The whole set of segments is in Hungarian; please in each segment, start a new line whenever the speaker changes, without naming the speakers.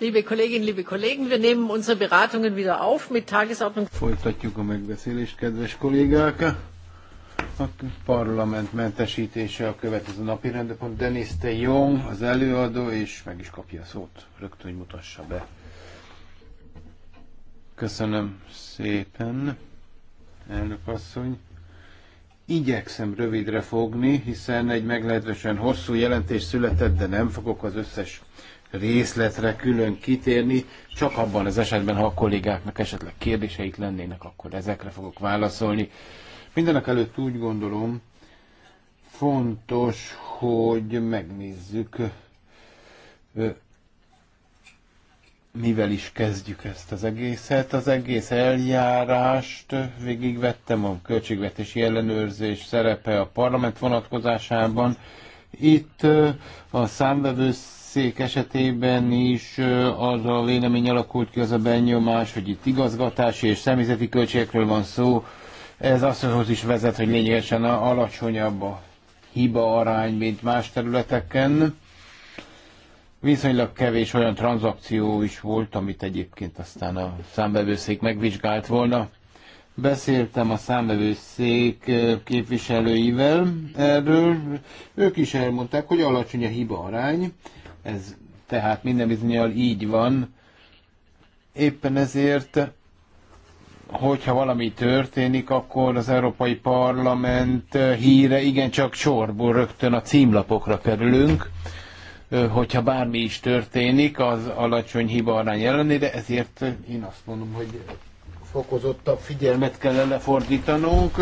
Liebe Kolleginnen, liebe Kollegen, wir nehmen unsere Beratungen wieder auf mit Tagesordnung.
Folytatjuk a megbeszélést, kedves kollégák. A parlament mentesítése a következő napi rendepont. Denis de Jong, az előadó, és meg is kapja a szót. Rögtön, hogy mutassa be. Köszönöm szépen, elnök asszony. Igyekszem rövidre fogni, hiszen egy meglehetősen hosszú jelentés született, de nem fogok az összes részletre külön kitérni, csak abban az esetben, ha a kollégáknak esetleg kérdéseik lennének, akkor ezekre fogok válaszolni. Mindenek előtt úgy gondolom, fontos, hogy megnézzük, mivel is kezdjük ezt az egészet. Az egész eljárást végigvettem a költségvetési ellenőrzés szerepe a parlament vonatkozásában. Itt a számvevősz cég esetében is az a vélemény alakult ki, az a benyomás, hogy itt igazgatási és személyzeti költségekről van szó. Ez azt is vezet, hogy lényegesen alacsonyabb a hiba arány, mint más területeken. Viszonylag kevés olyan tranzakció is volt, amit egyébként aztán a számbevőszék megvizsgált volna. Beszéltem a számbevőszék képviselőivel erről. Ők is elmondták, hogy alacsony a hiba arány, ez tehát minden bizonyal így van. Éppen ezért, hogyha valami történik, akkor az Európai Parlament híre igencsak sorból rögtön a címlapokra kerülünk hogyha bármi is történik az alacsony hibaarány ellenére, ezért én azt mondom, hogy fokozottabb figyelmet kellene fordítanunk.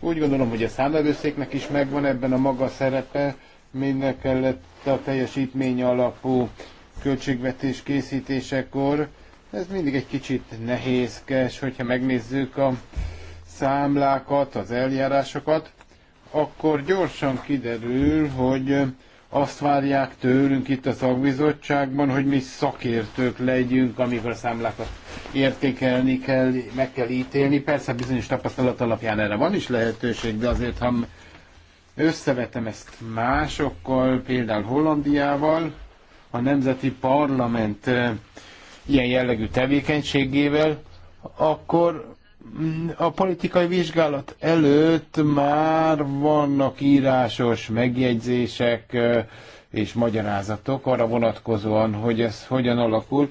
Úgy gondolom, hogy a számlevőszéknek is megvan ebben a maga szerepe, mindenek kellett a teljesítmény alapú költségvetés készítésekor. Ez mindig egy kicsit nehézkes, hogyha megnézzük a számlákat, az eljárásokat, akkor gyorsan kiderül, hogy azt várják tőlünk itt a szakbizottságban, hogy mi szakértők legyünk, amikor a számlákat értékelni kell, meg kell ítélni. Persze bizonyos tapasztalat alapján erre van is lehetőség, de azért, ha Összevetem ezt másokkal, például Hollandiával, a Nemzeti Parlament ilyen jellegű tevékenységével, akkor mm, a politikai vizsgálat előtt már vannak írásos megjegyzések és magyarázatok arra vonatkozóan, hogy ez hogyan alakul.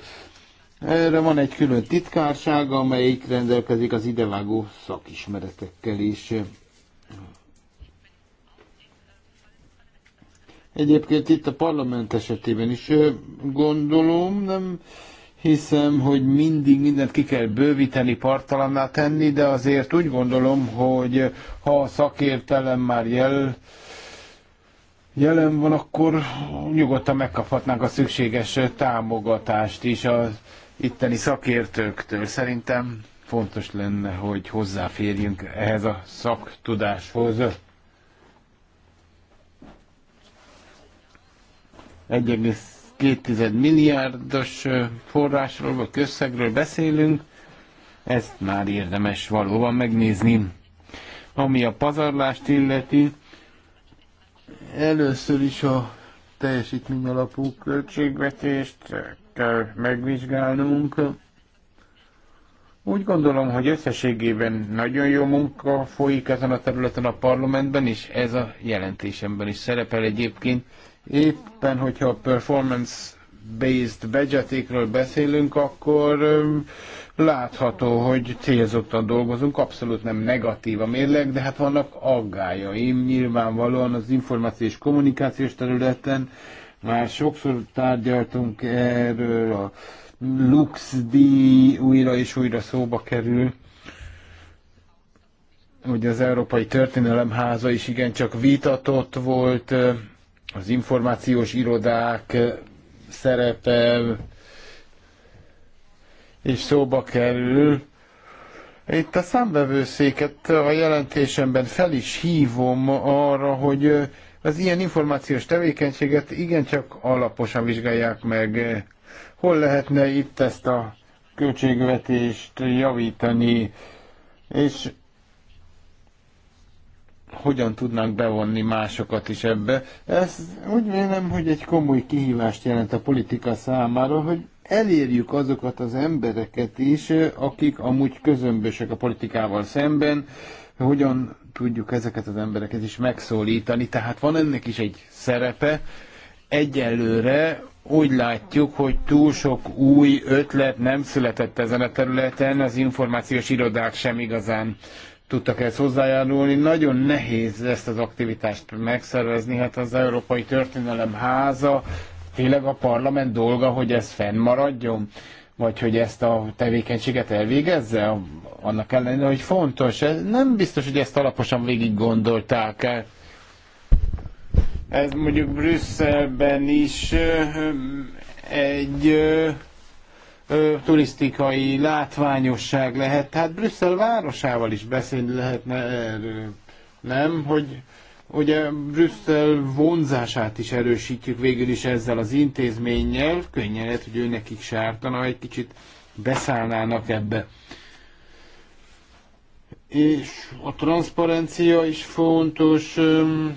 Erre van egy külön titkárság, amelyik rendelkezik az idevágó szakismeretekkel is. Egyébként itt a parlament esetében is gondolom, nem hiszem, hogy mindig mindent ki kell bővíteni, partalanná tenni, de azért úgy gondolom, hogy ha a szakértelem már jel, jelen van, akkor nyugodtan megkaphatnánk a szükséges támogatást is az itteni szakértőktől. Szerintem fontos lenne, hogy hozzáférjünk ehhez a szaktudáshoz. 1,2 milliárdos forrásról vagy közszegről beszélünk, ezt már érdemes valóban megnézni. Ami a pazarlást illeti, először is a teljesítmény alapú költségvetést kell megvizsgálnunk. Úgy gondolom, hogy összességében nagyon jó munka folyik ezen a területen a parlamentben, és ez a jelentésemben is szerepel egyébként. Éppen, hogyha a performance-based budgetékről beszélünk, akkor látható, hogy célzottan dolgozunk, abszolút nem negatív a mérleg, de hát vannak aggájaim nyilvánvalóan az információs és kommunikációs területen. Már sokszor tárgyaltunk erről, a Lux újra és újra szóba kerül hogy az Európai Történelem Háza is igencsak vitatott volt az információs irodák eh, szerepe és szóba kerül. Itt a számbevőszéket a jelentésemben fel is hívom arra, hogy eh, az ilyen információs tevékenységet igencsak alaposan vizsgálják meg. Hol lehetne itt ezt a költségvetést javítani, és hogyan tudnánk bevonni másokat is ebbe. Ez úgy vélem, hogy egy komoly kihívást jelent a politika számára, hogy elérjük azokat az embereket is, akik amúgy közömbösek a politikával szemben, hogyan tudjuk ezeket az embereket is megszólítani. Tehát van ennek is egy szerepe. Egyelőre úgy látjuk, hogy túl sok új ötlet nem született ezen a területen, az információs irodák sem igazán tudtak ezt hozzájárulni. Nagyon nehéz ezt az aktivitást megszervezni, hát az Európai Történelem háza tényleg a parlament dolga, hogy ez fennmaradjon, vagy hogy ezt a tevékenységet elvégezze, annak ellenére, hogy fontos. Nem biztos, hogy ezt alaposan végig gondolták el. Ez mondjuk Brüsszelben is egy ö, turisztikai látványosság lehet. Hát Brüsszel városával is beszélni lehetne erről. Nem, hogy ugye Brüsszel vonzását is erősítjük végül is ezzel az intézménnyel. Könnyen lehet, hogy ő nekik sártana, egy kicsit beszállnának ebbe és a transzparencia is fontos,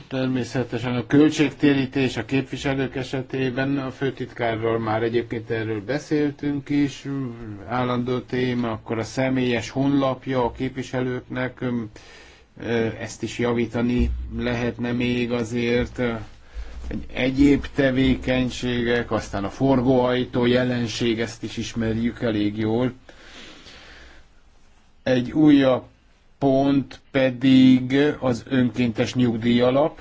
természetesen a költségtérítés a képviselők esetében, a főtitkárral már egyébként erről beszéltünk is, állandó téma, akkor a személyes honlapja a képviselőknek, ezt is javítani lehetne még azért, egy egyéb tevékenységek, aztán a forgóajtó jelenség, ezt is ismerjük elég jól. Egy újabb pont pedig az önkéntes nyugdíjalap.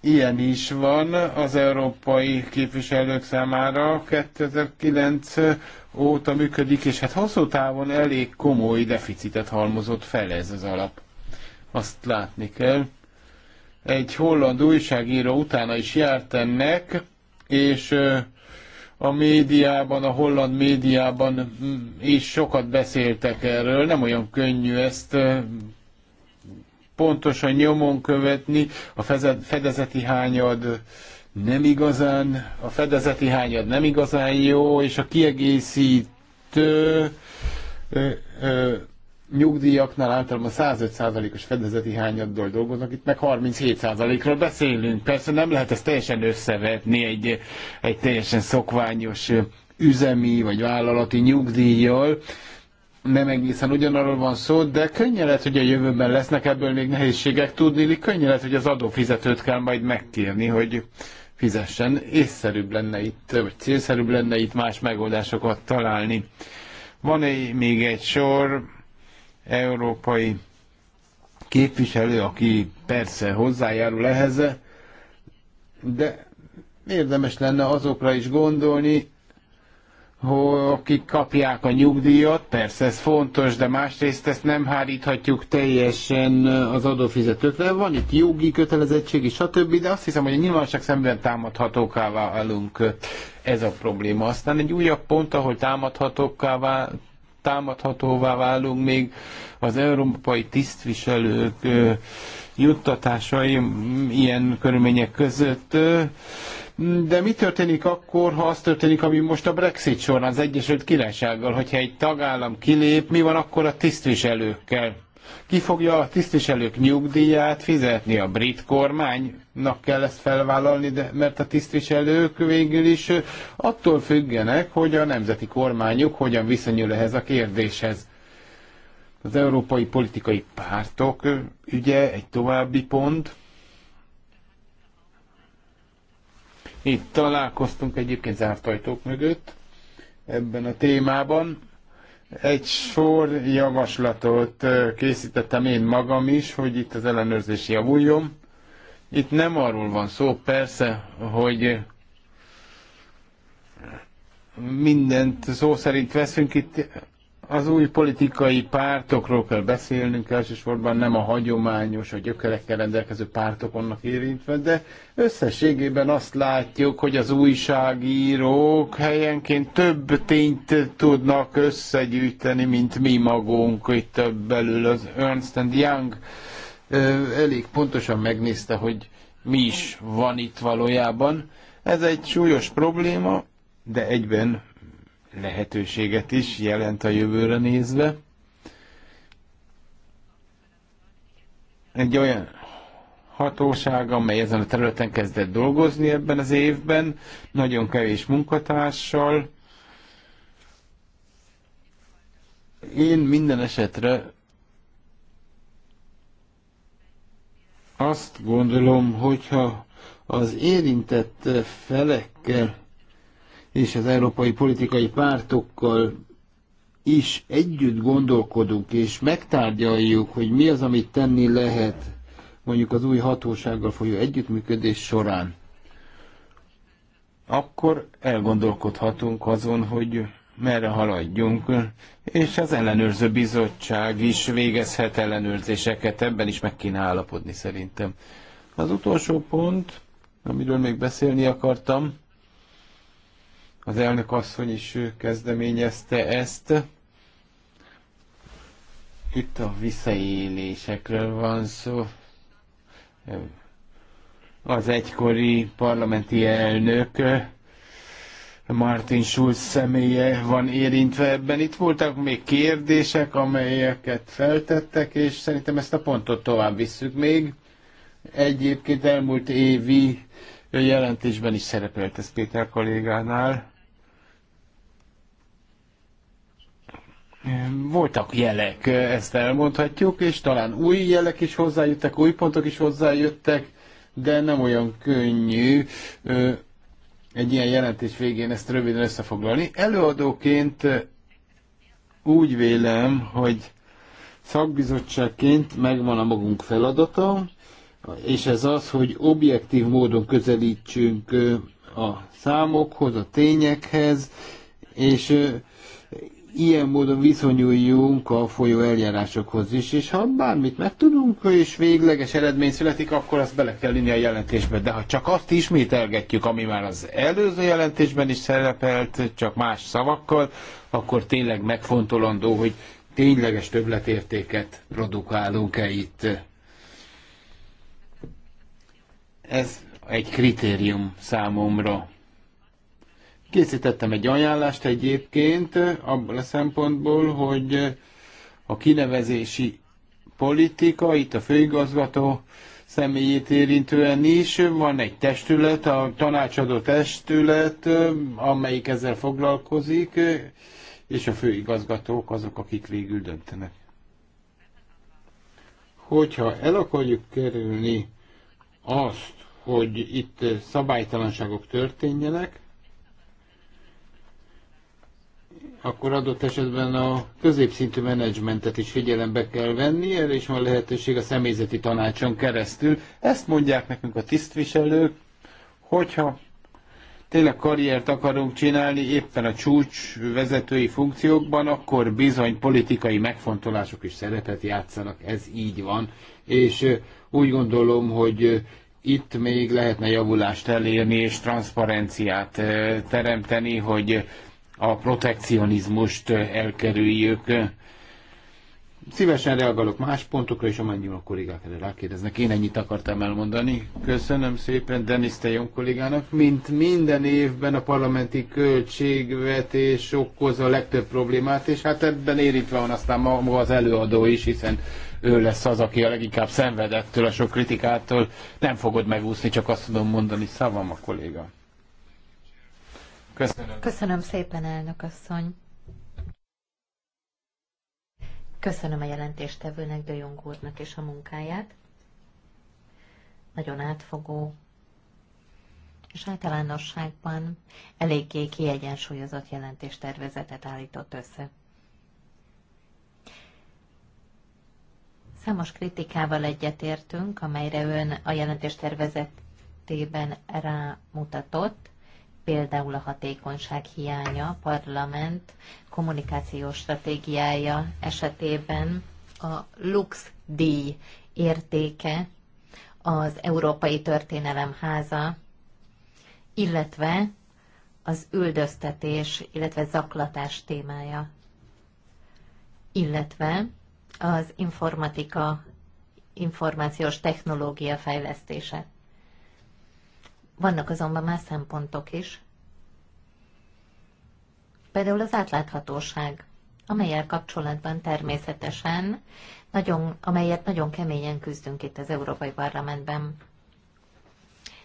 Ilyen is van az európai képviselők számára 2009 óta működik, és hát hosszú távon elég komoly deficitet halmozott fel ez az alap. Azt látni kell. Egy holland újságíró utána is járt ennek, és a médiában, a holland médiában is mm, sokat beszéltek erről. Nem olyan könnyű ezt pontosan nyomon követni. A fedezeti hányad nem igazán, a fedezeti hányad nem igazán jó, és a kiegészítő nyugdíjaknál általában 105%-os fedezeti hányaddal dolgoznak, itt meg 37%-ról beszélünk. Persze nem lehet ezt teljesen összevetni egy, egy teljesen szokványos üzemi vagy vállalati nyugdíjjal, nem egészen ugyanarról van szó, de könnyen lehet, hogy a jövőben lesznek ebből még nehézségek tudni, könnyen lehet, hogy az adófizetőt kell majd megkérni, hogy fizessen. Észszerűbb lenne itt, vagy célszerűbb lenne itt más megoldásokat találni. Van -e még egy sor európai képviselő, aki persze hozzájárul ehhez, de érdemes lenne azokra is gondolni, hogy akik kapják a nyugdíjat, persze ez fontos, de másrészt ezt nem háríthatjuk teljesen az adófizetőkre. Van itt jogi kötelezettség is, stb., de azt hiszem, hogy a nyilvánosság szemben támadhatóká válunk ez a probléma. Aztán egy újabb pont, ahol támadhatókká támadhatóvá válunk, még az európai tisztviselők juttatásai ilyen körülmények között. De mi történik akkor, ha az történik, ami most a Brexit során az Egyesült Királysággal, hogyha egy tagállam kilép, mi van akkor a tisztviselőkkel? Ki fogja a tisztviselők nyugdíját fizetni? A brit kormánynak kell ezt felvállalni, de, mert a tisztviselők végül is attól függenek, hogy a nemzeti kormányuk hogyan viszonyul ehhez a kérdéshez. Az európai politikai pártok ügye egy további pont. Itt találkoztunk egyébként zárt ajtók mögött ebben a témában. Egy sor javaslatot készítettem én magam is, hogy itt az ellenőrzés javuljon. Itt nem arról van szó, persze, hogy mindent szó szerint veszünk, itt az új politikai pártokról kell beszélnünk, elsősorban nem a hagyományos, a gyökerekkel rendelkező pártok annak érintve, de összességében azt látjuk, hogy az újságírók helyenként több tényt tudnak összegyűjteni, mint mi magunk több belül. Az Ernst Young elég pontosan megnézte, hogy mi is van itt valójában. Ez egy súlyos probléma, de egyben lehetőséget is jelent a jövőre nézve. Egy olyan hatóság, amely ezen a területen kezdett dolgozni ebben az évben, nagyon kevés munkatársal. Én minden esetre azt gondolom, hogyha az érintett felekkel és az európai politikai pártokkal is együtt gondolkodunk, és megtárgyaljuk, hogy mi az, amit tenni lehet mondjuk az új hatósággal folyó együttműködés során, akkor elgondolkodhatunk azon, hogy merre haladjunk, és az ellenőrző bizottság is végezhet ellenőrzéseket, ebben is meg kéne állapodni szerintem. Az utolsó pont, amiről még beszélni akartam, az elnök asszony is kezdeményezte ezt. Itt a visszaélésekről van szó. Az egykori parlamenti elnök Martin Schulz személye van érintve ebben. Itt voltak még kérdések, amelyeket feltettek, és szerintem ezt a pontot tovább visszük még. Egyébként elmúlt évi jelentésben is szerepelt ez Péter kollégánál. Voltak jelek, ezt elmondhatjuk, és talán új jelek is hozzájöttek, új pontok is hozzájöttek, de nem olyan könnyű egy ilyen jelentés végén ezt röviden összefoglalni. Előadóként úgy vélem, hogy szakbizottságként megvan a magunk feladata, és ez az, hogy objektív módon közelítsünk a számokhoz, a tényekhez, és ilyen módon viszonyuljunk a folyó eljárásokhoz is, és ha bármit megtudunk, és végleges eredmény születik, akkor azt bele kell inni a jelentésbe. De ha csak azt ismételgetjük, ami már az előző jelentésben is szerepelt, csak más szavakkal, akkor tényleg megfontolandó, hogy tényleges többletértéket produkálunk-e itt. Ez egy kritérium számomra Készítettem egy ajánlást egyébként abban a szempontból, hogy a kinevezési politika, itt a főigazgató személyét érintően is van egy testület, a tanácsadó testület, amelyik ezzel foglalkozik, és a főigazgatók azok, akik végül döntenek. Hogyha el akarjuk kerülni azt, hogy itt szabálytalanságok történjenek, akkor adott esetben a középszintű menedzsmentet is figyelembe kell venni, erre is van lehetőség a személyzeti tanácson keresztül. Ezt mondják nekünk a tisztviselők, hogyha tényleg karriert akarunk csinálni éppen a csúcs vezetői funkciókban, akkor bizony politikai megfontolások is szerepet játszanak, ez így van. És úgy gondolom, hogy itt még lehetne javulást elérni és transzparenciát teremteni, hogy a protekcionizmust elkerüljük. Szívesen reagálok más pontokra, és amennyiben a kollégák erre rákérdeznek. Én ennyit akartam elmondani. Köszönöm szépen Denis Tejon kollégának. Mint minden évben a parlamenti költségvetés okoz a legtöbb problémát, és hát ebben érintve van aztán maga az előadó is, hiszen ő lesz az, aki a leginkább szenvedettől, a sok kritikától. Nem fogod megúszni, csak azt tudom mondani, szavam a kolléga. Köszönöm.
Köszönöm szépen, elnök asszony. Köszönöm a jelentéstevőnek, De Jung úrnak és a munkáját. Nagyon átfogó, és általánosságban eléggé kiegyensúlyozott jelentéstervezetet állított össze. Számos kritikával egyetértünk, amelyre ön a jelentéstervezetében rámutatott, például a hatékonyság hiánya, parlament kommunikációs stratégiája esetében a Lux díj értéke, az Európai Történelem Háza, illetve az üldöztetés, illetve zaklatás témája, illetve az informatika, információs technológia fejlesztése. Vannak azonban más szempontok is. Például az átláthatóság, amelyel kapcsolatban természetesen, nagyon, amelyet nagyon keményen küzdünk itt az Európai Parlamentben.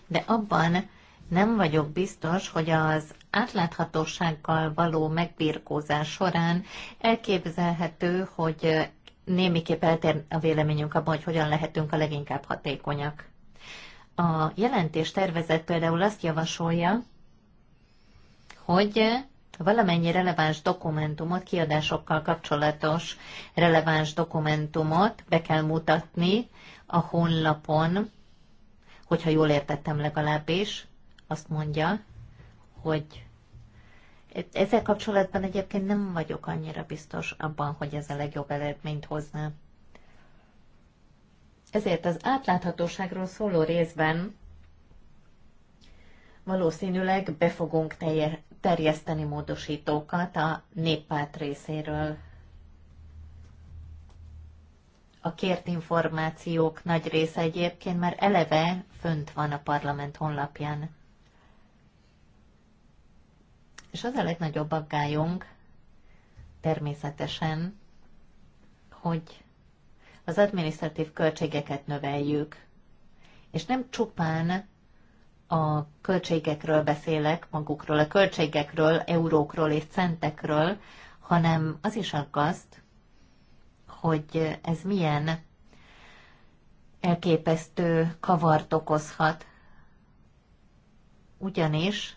De abban nem vagyok biztos, hogy az átláthatósággal való megbirkózás során elképzelhető, hogy némiképp eltér a véleményünk abban, hogy hogyan lehetünk a leginkább hatékonyak. A jelentés tervezet például azt javasolja, hogy valamennyi releváns dokumentumot, kiadásokkal kapcsolatos releváns dokumentumot be kell mutatni a honlapon, hogyha jól értettem legalábbis, azt mondja, hogy ezzel kapcsolatban egyébként nem vagyok annyira biztos abban, hogy ez a legjobb eredményt hozna. Ezért az átláthatóságról szóló részben valószínűleg be fogunk terjeszteni módosítókat a néppárt részéről. A kért információk nagy része egyébként már eleve fönt van a parlament honlapján. És az a legnagyobb aggályunk természetesen, hogy az adminisztratív költségeket növeljük. És nem csupán a költségekről beszélek, magukról, a költségekről, eurókról és centekről, hanem az is aggaszt, hogy ez milyen elképesztő kavart okozhat. Ugyanis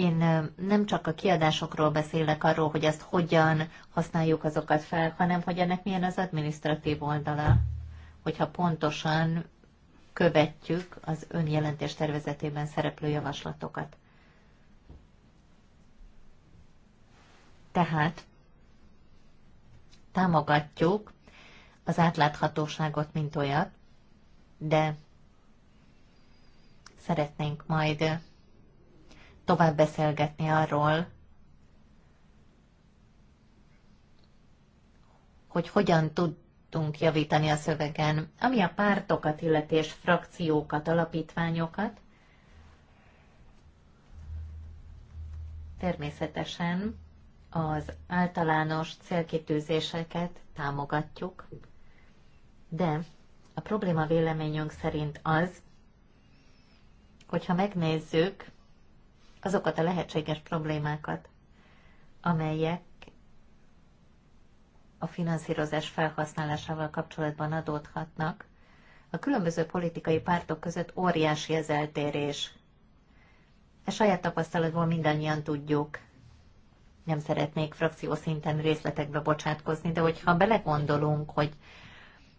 én nem csak a kiadásokról beszélek arról, hogy ezt hogyan használjuk azokat fel, hanem hogy ennek milyen az administratív oldala, hogyha pontosan követjük az önjelentés tervezetében szereplő javaslatokat. Tehát támogatjuk az átláthatóságot, mint olyat, de szeretnénk majd tovább beszélgetni arról, hogy hogyan tudtunk javítani a szövegen, ami a pártokat illetés és frakciókat, alapítványokat. Természetesen az általános célkitűzéseket támogatjuk, de a probléma véleményünk szerint az, hogyha megnézzük azokat a lehetséges problémákat, amelyek a finanszírozás felhasználásával kapcsolatban adódhatnak. A különböző politikai pártok között óriási az eltérés. E saját tapasztalatból mindannyian tudjuk. Nem szeretnék frakció szinten részletekbe bocsátkozni, de hogyha belegondolunk, hogy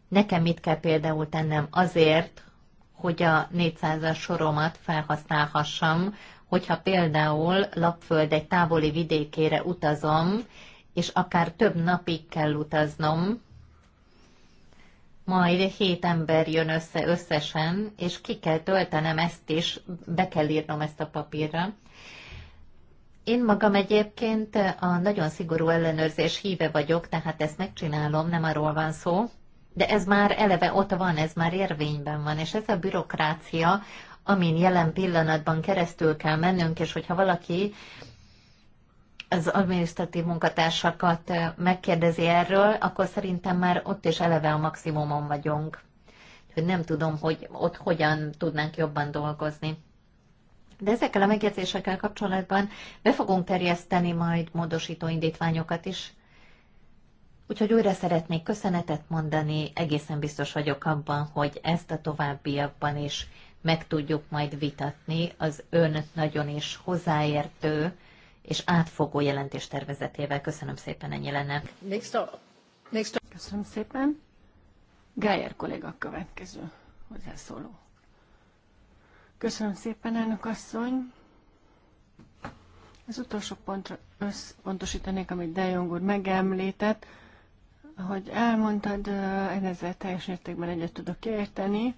nekem mit kell például tennem azért, hogy a 400-as soromat felhasználhassam hogyha például lapföld egy távoli vidékére utazom, és akár több napig kell utaznom, majd hét ember jön össze összesen, és ki kell töltenem ezt is, be kell írnom ezt a papírra. Én magam egyébként a nagyon szigorú ellenőrzés híve vagyok, tehát ezt megcsinálom, nem arról van szó, de ez már eleve ott van, ez már érvényben van, és ez a bürokrácia, amin jelen pillanatban keresztül kell mennünk, és hogyha valaki az adminisztratív munkatársakat megkérdezi erről, akkor szerintem már ott is eleve a maximumon vagyunk. Hogy nem tudom, hogy ott hogyan tudnánk jobban dolgozni. De ezekkel a megjegyzésekkel kapcsolatban be fogunk terjeszteni majd módosító indítványokat is. Úgyhogy újra szeretnék köszönetet mondani, egészen biztos vagyok abban, hogy ezt a továbbiakban is meg tudjuk majd vitatni az ön nagyon is hozzáértő és átfogó jelentés tervezetével Köszönöm szépen, ennyi lenne.
Köszönöm szépen.
Gájer kolléga a következő hozzászóló.
Köszönöm szépen, elnök asszony. Az utolsó pontra összpontosítanék, amit De Jong úr megemlített, ahogy elmondtad, én ezzel teljes mértékben egyet tudok érteni.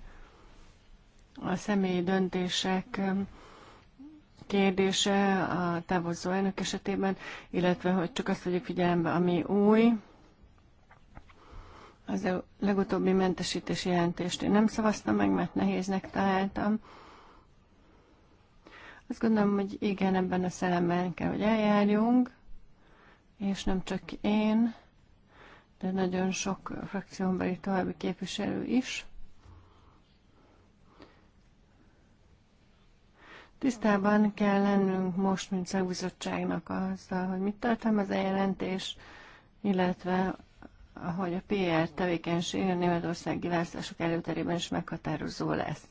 A személyi döntések kérdése a távozó elnök esetében, illetve hogy csak azt vegyük figyelembe, ami új. Az e- legutóbbi mentesítési jelentést én nem szavaztam meg, mert nehéznek találtam. Azt gondolom, hogy igen, ebben a szellemben kell, hogy eljárjunk, és nem csak én, de nagyon sok frakciónbeli további képviselő is. Tisztában kell lennünk most, mint szakbizottságnak azzal, hogy mit tartalmaz a jelentés, illetve hogy a PR tevékenység a németországi választások előterében is meghatározó lesz.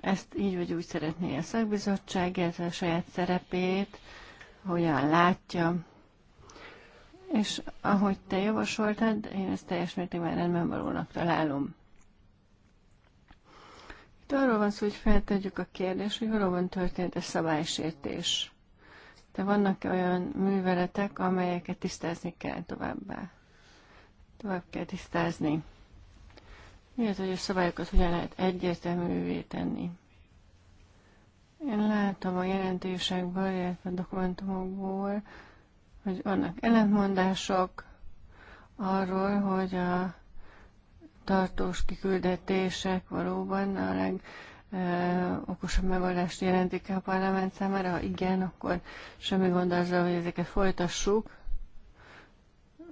Ezt így vagy úgy szeretné a szakbizottság, ez a saját szerepét, hogyan látja. És ahogy te javasoltad, én ezt teljes mértékben rendben valónak találom. Itt arról van szó, hogy feltegyük a kérdést, hogy valóban történt-e szabálysértés. De vannak -e olyan műveletek, amelyeket tisztázni kell továbbá. Tovább kell tisztázni. Mi az, hogy a szabályokat hogyan lehet egyértelművé tenni? Én látom a jelentésekből, illetve a dokumentumokból, hogy vannak ellentmondások arról, hogy a tartós kiküldetések valóban a leg okosabb megoldást jelentik a parlament számára? Ha igen, akkor semmi gond azzal, hogy ezeket folytassuk.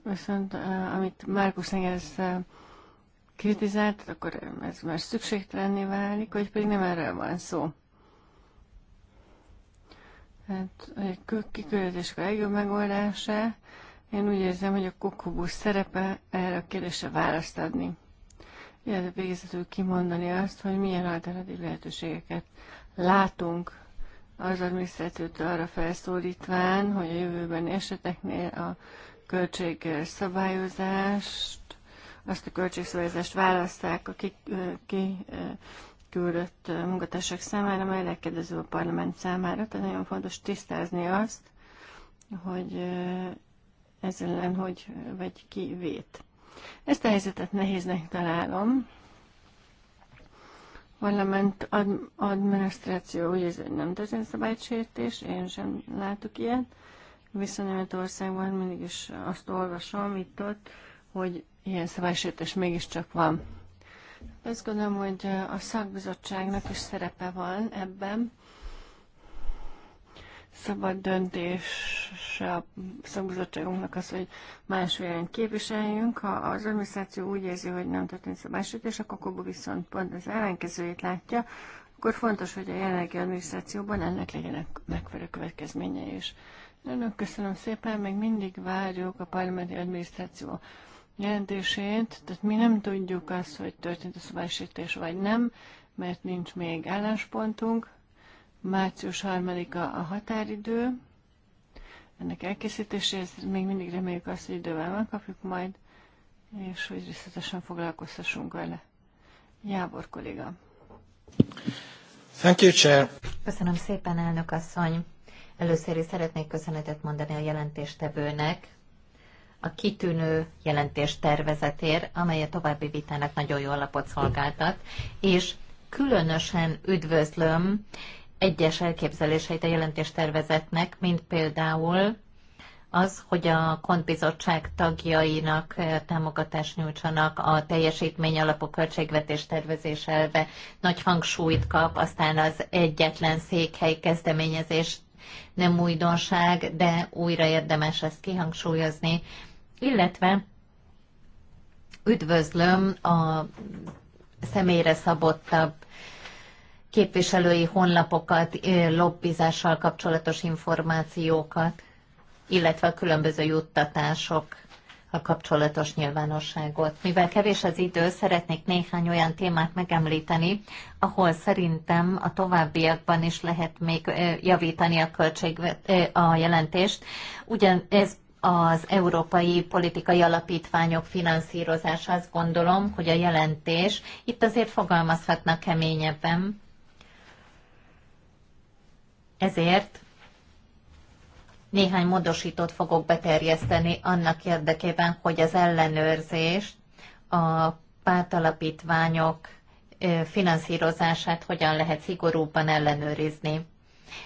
Viszont amit Márkusz Engels kritizált, akkor ez már szükségtelenné válik, hogy pedig nem erről van szó. Tehát a kiküldetés a legjobb megoldása. Én úgy érzem, hogy a kokobusz szerepe erre a kérdésre választ adni illetve végezetül kimondani azt, hogy milyen alternatív lehetőségeket látunk az adminisztrációt arra felszólítván, hogy a jövőben eseteknél a költségszabályozást, azt a költségszabályozást választák a kiküldött ki, munkatársak számára, mely legkedvező a parlament számára. Tehát nagyon fontos tisztázni azt, hogy ezzel ellen hogy vagy ki vét. Ezt a helyzetet nehéznek találom. Parlament ad- adminisztráció úgy érzi, hogy nem történt szabálysértés, én sem látok ilyet. Viszont Németországban mindig is azt olvasom itt-ott, hogy ilyen szabálysértés mégiscsak van. Azt gondolom, hogy a szakbizottságnak is szerepe van ebben, szabad döntés a szakbizottságunknak az, hogy más véleményt képviseljünk. Ha az adminisztráció úgy érzi, hogy nem történt szabálysértés, akkor Kobo viszont pont az ellenkezőjét látja, akkor fontos, hogy a jelenlegi adminisztrációban ennek legyenek megfelelő következményei is. Önök köszönöm szépen, még mindig várjuk a parlamenti adminisztráció jelentését, tehát mi nem tudjuk azt, hogy történt a szabálysértés vagy nem, mert nincs még álláspontunk, Március 3-a a határidő. Ennek elkészítéséhez még mindig reméljük azt, hogy idővel megkapjuk majd, és hogy részletesen foglalkoztassunk vele. Jábor kolléga.
Thank you, Chair.
Köszönöm szépen, elnök asszony. Először is szeretnék köszönetet mondani a jelentéstevőnek a kitűnő jelentés tervezetér, amely a további vitának nagyon jó alapot szolgáltat, és különösen üdvözlöm egyes elképzeléseit a jelentéstervezetnek, mint például az, hogy a kontbizottság tagjainak eh, támogatást nyújtsanak a teljesítmény alapú költségvetés tervezés elve nagy hangsúlyt kap, aztán az egyetlen székhely kezdeményezés nem újdonság, de újra érdemes ezt kihangsúlyozni, illetve üdvözlöm a személyre szabottabb képviselői honlapokat, lobbizással kapcsolatos információkat, illetve a különböző juttatások a kapcsolatos nyilvánosságot. Mivel kevés az idő, szeretnék néhány olyan témát megemlíteni, ahol szerintem a továbbiakban is lehet még javítani a költségvet, a jelentést. Ugyan ez az európai politikai alapítványok finanszírozása, azt gondolom, hogy a jelentés itt azért fogalmazhatna keményebben, ezért néhány módosítót fogok beterjeszteni annak érdekében, hogy az ellenőrzést a pártalapítványok finanszírozását hogyan lehet szigorúbban ellenőrizni.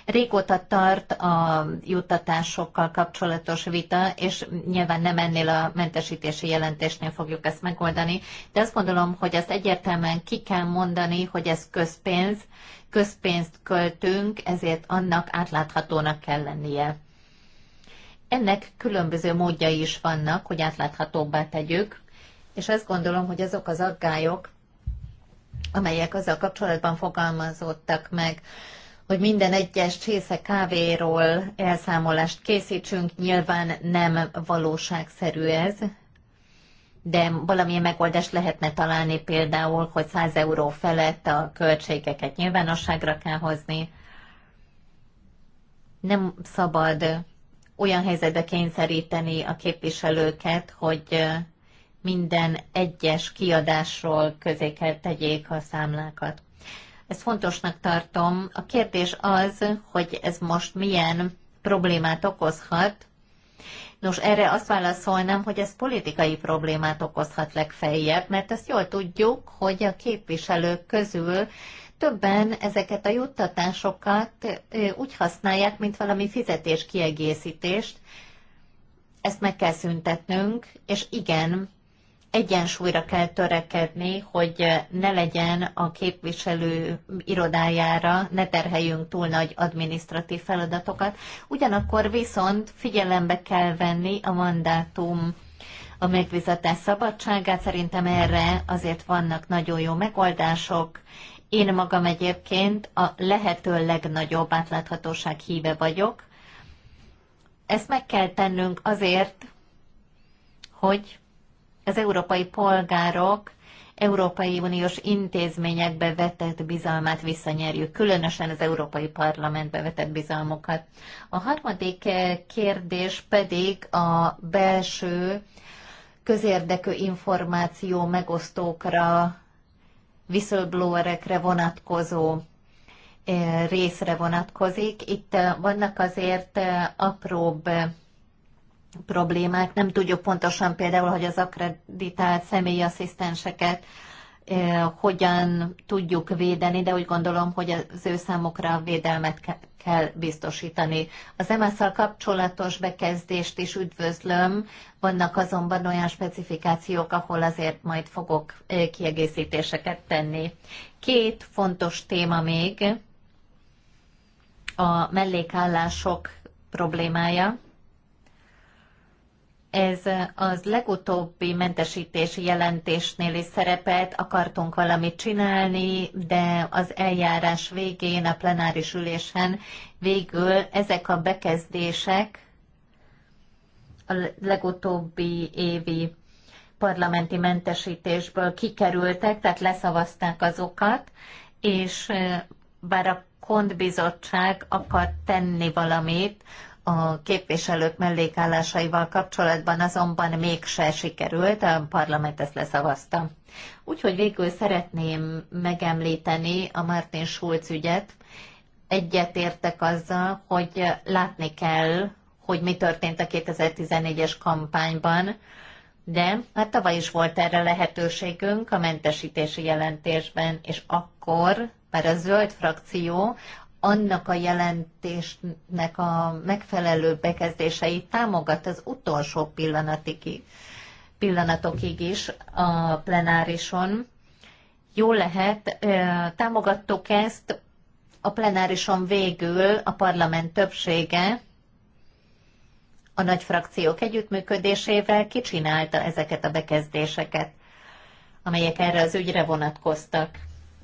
Régóta tart a juttatásokkal kapcsolatos vita, és nyilván nem ennél a mentesítési jelentésnél fogjuk ezt megoldani, de azt gondolom, hogy ezt egyértelműen ki kell mondani, hogy ez közpénz, közpénzt költünk, ezért annak átláthatónak kell lennie. Ennek különböző módjai is vannak, hogy átláthatóbbá tegyük, és azt gondolom, hogy azok az aggályok, amelyek azzal kapcsolatban fogalmazódtak meg, hogy minden egyes csésze kávéról elszámolást készítsünk, nyilván nem valóságszerű ez, de valamilyen megoldást lehetne találni például, hogy 100 euró felett a költségeket nyilvánosságra kell hozni. Nem szabad olyan helyzetbe kényszeríteni a képviselőket, hogy minden egyes kiadásról közé kell tegyék a számlákat. Ezt fontosnak tartom. A kérdés az, hogy ez most milyen problémát okozhat, Nos, erre azt válaszolnám, hogy ez politikai problémát okozhat legfeljebb, mert ezt jól tudjuk, hogy a képviselők közül többen ezeket a juttatásokat úgy használják, mint valami fizetés kiegészítést. Ezt meg kell szüntetnünk, és igen, egyensúlyra kell törekedni, hogy eh, ne legyen a képviselő irodájára, ne terheljünk túl nagy adminisztratív feladatokat. Ugyanakkor viszont figyelembe kell venni a mandátum a megvizetés szabadságát. Szerintem erre azért vannak nagyon jó megoldások. Én magam egyébként a lehető legnagyobb átláthatóság híve vagyok. Ezt meg kell tennünk azért, hogy az európai polgárok Európai Uniós intézményekbe vetett bizalmát visszanyerjük, különösen az Európai Parlamentbe vetett bizalmukat. A harmadik eh, kérdés pedig a belső közérdekű információ megosztókra, whistleblowerekre vonatkozó eh, részre vonatkozik. Itt eh, vannak azért apróbb problémák. Nem tudjuk pontosan például, hogy az akreditált személyi asszisztenseket eh, hogyan tudjuk védeni, de úgy gondolom, hogy az ő számokra a védelmet kell biztosítani. Az ms kapcsolatos bekezdést is üdvözlöm, vannak azonban olyan specifikációk, ahol azért majd fogok eh, kiegészítéseket tenni. Két fontos téma még a mellékállások problémája. Ez az legutóbbi mentesítési jelentésnél is szerepelt, akartunk valamit csinálni, de az eljárás végén, a plenáris ülésen végül ezek a bekezdések a legutóbbi évi parlamenti mentesítésből kikerültek, tehát leszavazták azokat, és bár a kontbizottság akar tenni valamit a képviselők mellékállásaival kapcsolatban azonban mégse sikerült, a parlament ezt leszavazta. Úgyhogy végül szeretném megemlíteni a Martin Schulz ügyet. Egyetértek azzal, hogy látni kell, hogy mi történt a 2014-es kampányban, de hát tavaly is volt erre lehetőségünk a mentesítési jelentésben, és akkor, mert a zöld frakció annak a jelentésnek a megfelelő bekezdéseit támogat az utolsó pillanatig, pillanatokig is a plenárison. Jó lehet, támogattuk ezt, a plenárison végül a parlament többsége a nagy frakciók együttműködésével kicsinálta ezeket a bekezdéseket, amelyek erre az ügyre vonatkoztak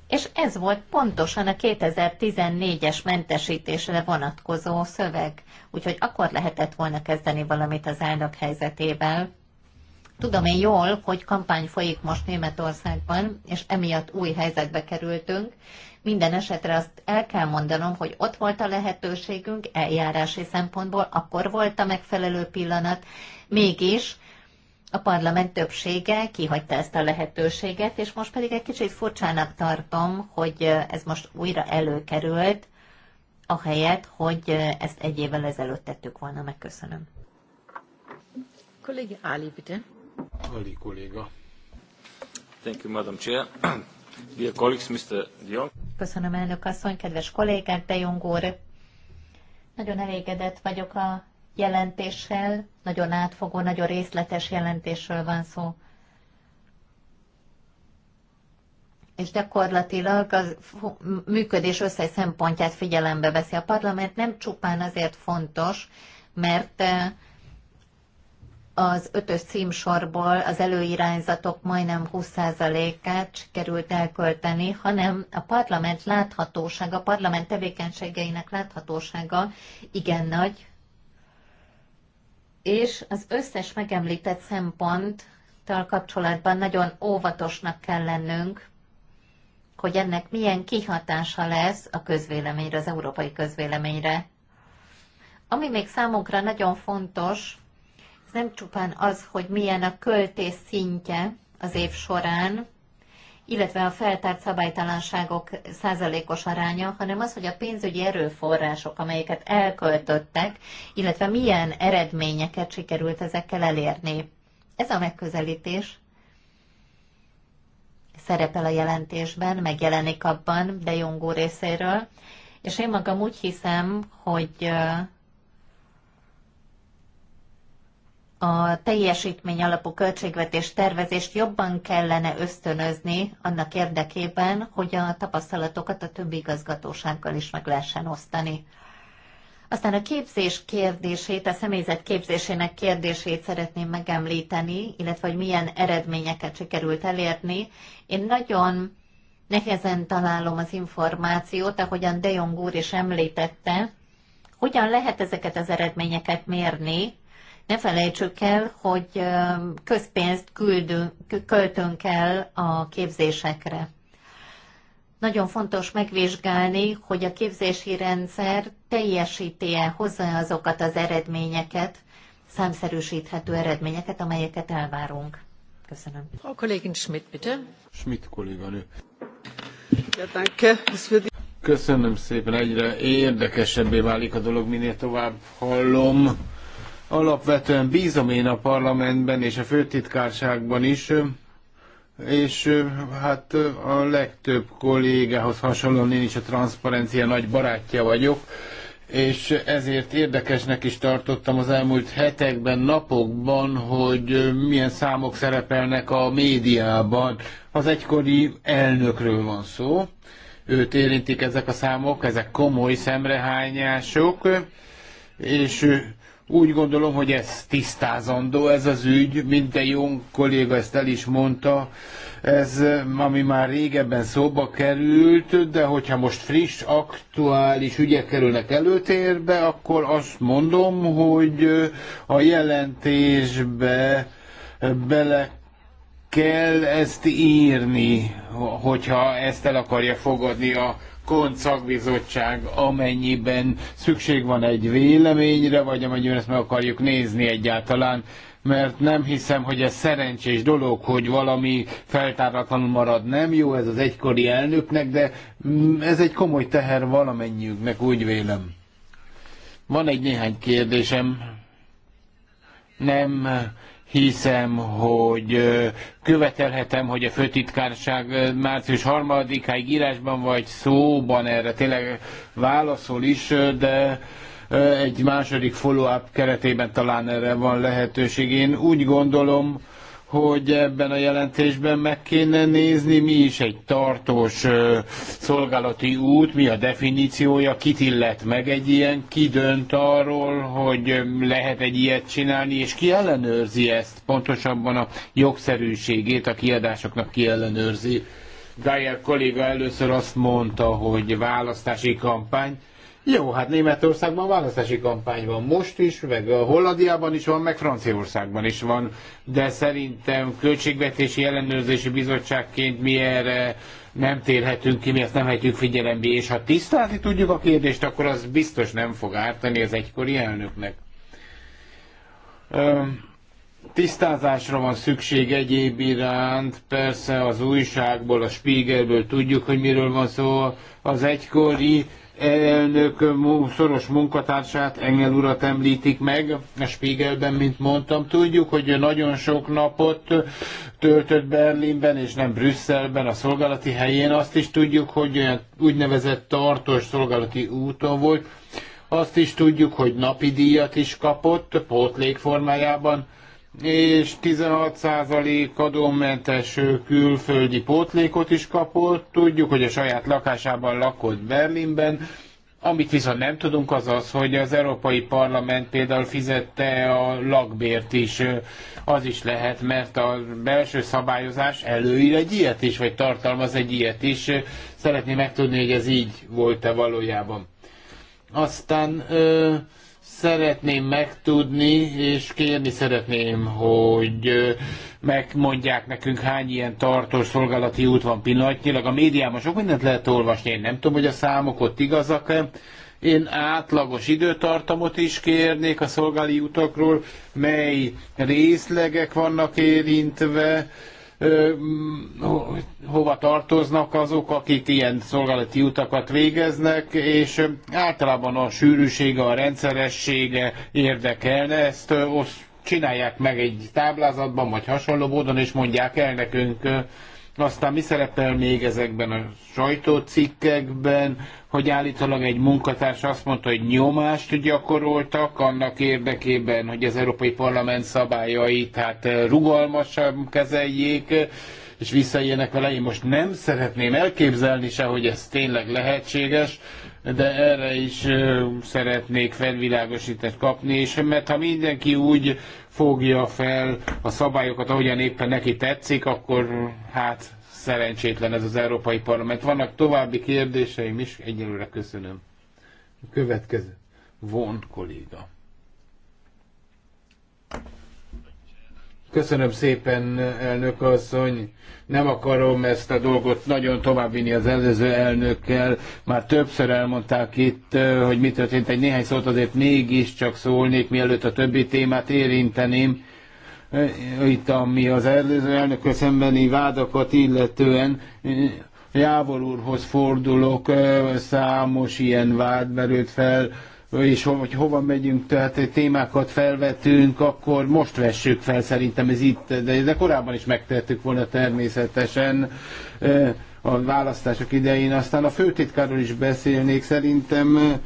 és ez volt pontosan a 2014-es mentesítésre vonatkozó szöveg, úgyhogy akkor lehetett volna kezdeni valamit az áldak helyzetével. Tudom én jól, hogy kampány folyik most Németországban, és emiatt új helyzetbe kerültünk. Minden esetre azt el kell mondanom, hogy ott volt a lehetőségünk eljárási szempontból, akkor volt a megfelelő pillanat, mégis a parlament többsége kihagyta ezt a lehetőséget, és most pedig egy kicsit furcsának tartom, hogy ez most újra előkerült, ahelyett, hogy ezt egy évvel ezelőtt tettük volna. Megköszönöm.
Kollégi Ali, bitte.
Ali
kolléga. Thank you, Madam Chair. Dear colleagues, Mr. Dion.
Köszönöm, elnök asszony, kedves kollégák, De Jong úr. Nagyon elégedett vagyok a jelentéssel, nagyon átfogó, nagyon részletes jelentésről van szó. és gyakorlatilag a működés összes szempontját figyelembe veszi. A parlament nem csupán azért fontos, mert eh, az ötös címsorból az előirányzatok majdnem 20%-át sikerült elkölteni, hanem a parlament láthatósága, a parlament tevékenységeinek láthatósága igen nagy, és az összes megemlített szemponttal kapcsolatban nagyon óvatosnak kell lennünk, hogy ennek milyen kihatása lesz a közvéleményre, az európai közvéleményre. Ami még számunkra nagyon fontos, ez nem csupán az, hogy milyen a költés szintje az év során, illetve a feltárt szabálytalanságok százalékos aránya, hanem az, hogy a pénzügyi erőforrások, amelyeket elköltöttek, illetve milyen eredményeket sikerült ezekkel elérni. Ez a megközelítés szerepel a jelentésben, megjelenik abban De Jongó részéről, és én magam úgy hiszem, hogy a teljesítmény alapú költségvetés tervezést jobban kellene ösztönözni annak érdekében, hogy a tapasztalatokat a többi igazgatósággal is meg lehessen osztani. Aztán a képzés kérdését, a személyzet képzésének kérdését szeretném megemlíteni, illetve hogy milyen eredményeket sikerült elérni. Én nagyon nehezen találom az információt, ahogyan De Jong úr is említette, hogyan lehet ezeket az eredményeket mérni, ne felejtsük el, hogy közpénzt küldünk, költünk el a képzésekre. Nagyon fontos megvizsgálni, hogy a képzési rendszer teljesíti-e hozzá azokat az eredményeket, számszerűsíthető eredményeket, amelyeket elvárunk. Köszönöm. A kollégin Schmidt, bitte.
Schmidt kolléganő. Ja, danke. Köszönöm szépen, egyre érdekesebbé válik a dolog, minél tovább hallom Alapvetően bízom én a parlamentben és a főtitkárságban is, és hát a legtöbb kollégához hasonlóan én is a transzparencia nagy barátja vagyok, és ezért érdekesnek is tartottam az elmúlt hetekben, napokban, hogy milyen számok szerepelnek a médiában. Az egykori elnökről van szó, őt érintik ezek a számok, ezek komoly szemrehányások, és úgy gondolom, hogy ez tisztázandó, ez az ügy, mint a jó kolléga ezt el is mondta, ez, ami már régebben szóba került, de hogyha most friss, aktuális ügyek kerülnek előtérbe, akkor azt mondom, hogy a jelentésbe bele kell ezt írni, hogyha ezt el akarja fogadni a KONT szakbizottság, amennyiben szükség van egy véleményre, vagy amennyiben ezt meg akarjuk nézni egyáltalán, mert nem hiszem, hogy ez szerencsés dolog, hogy valami feltáratlanul marad. Nem jó ez az egykori elnöknek, de ez egy komoly teher valamennyiüknek, úgy vélem. Van egy néhány kérdésem. Nem hiszem, hogy követelhetem, hogy a főtitkárság március 3-áig írásban vagy szóban erre tényleg válaszol is, de egy második follow-up keretében talán erre van lehetőség. Én úgy gondolom, hogy ebben a jelentésben meg kéne nézni, mi is egy tartós szolgálati út, mi a definíciója, kit illet meg egy ilyen, ki dönt arról, hogy lehet egy ilyet csinálni, és ki ellenőrzi ezt, pontosabban a jogszerűségét a kiadásoknak ki ellenőrzi. Dyer kolléga először azt mondta, hogy választási kampány, jó, hát Németországban választási kampány van most is, meg a Hollandiában is van, meg Franciaországban is van, de szerintem Költségvetési Ellenőrzési Bizottságként mi erre nem térhetünk ki, mi ezt nem hagyjuk figyelembe, és ha tisztázni tudjuk a kérdést, akkor az biztos nem fog ártani az egykori elnöknek. Öm, tisztázásra van szükség egyéb iránt, persze az újságból, a Spiegelből tudjuk, hogy miről van szó az egykori elnök szoros munkatársát, Engel urat említik meg a Spiegelben, mint mondtam. Tudjuk, hogy nagyon sok napot töltött Berlinben, és nem Brüsszelben, a szolgálati helyén. Azt is tudjuk, hogy olyan úgynevezett tartós szolgálati úton volt. Azt is tudjuk, hogy napi díjat is kapott, pótlék formájában és 16% adómentes külföldi pótlékot is kapott. Tudjuk, hogy a saját lakásában lakott Berlinben. Amit viszont nem tudunk az az, hogy az Európai Parlament például fizette a lakbért is. Az is lehet, mert a belső szabályozás előír egy ilyet is, vagy tartalmaz egy ilyet is. Szeretném megtudni, hogy ez így volt-e valójában. Aztán szeretném megtudni, és kérni szeretném, hogy megmondják nekünk, hány ilyen tartós szolgálati út van pillanatnyilag. A médiában sok mindent lehet olvasni, én nem tudom, hogy a számok ott igazak-e. Én átlagos időtartamot is kérnék a szolgálati utakról, mely részlegek vannak érintve, Mm, hova tartoznak azok, akik ilyen szolgálati utakat végeznek, és általában a sűrűsége, a rendszeressége érdekelne, ezt csinálják meg egy táblázatban, vagy hasonló módon, és mondják el nekünk, aztán mi szerepel még ezekben a sajtócikkekben, hogy állítólag egy munkatárs azt mondta, hogy nyomást gyakoroltak annak érdekében, hogy az Európai Parlament szabályait hát eh, rugalmasan kezeljék, és visszaéljenek vele. Én most nem szeretném elképzelni se, hogy ez tényleg lehetséges, de erre is eh, szeretnék felvilágosítást kapni, és mert ha mindenki úgy fogja fel a szabályokat, ahogyan éppen neki tetszik, akkor hát szerencsétlen ez az Európai Parlament. Vannak további kérdéseim is, egyelőre köszönöm. Következő. Von kolléga. Köszönöm szépen, elnök asszony. Nem akarom ezt a dolgot nagyon továbbvinni az előző elnökkel. Már többször elmondták itt, hogy mi történt. Egy néhány szót azért mégiscsak szólnék, mielőtt a többi témát érinteném. Itt, ami az előző elnök szembeni vádakat illetően, Jávor úrhoz fordulok, számos ilyen vád merült fel, és hogy hova megyünk, tehát témákat felvetünk, akkor most vessük fel szerintem ez itt, de, de korábban is megtettük volna természetesen e, a választások idején. Aztán a főtitkáról is beszélnék, szerintem e,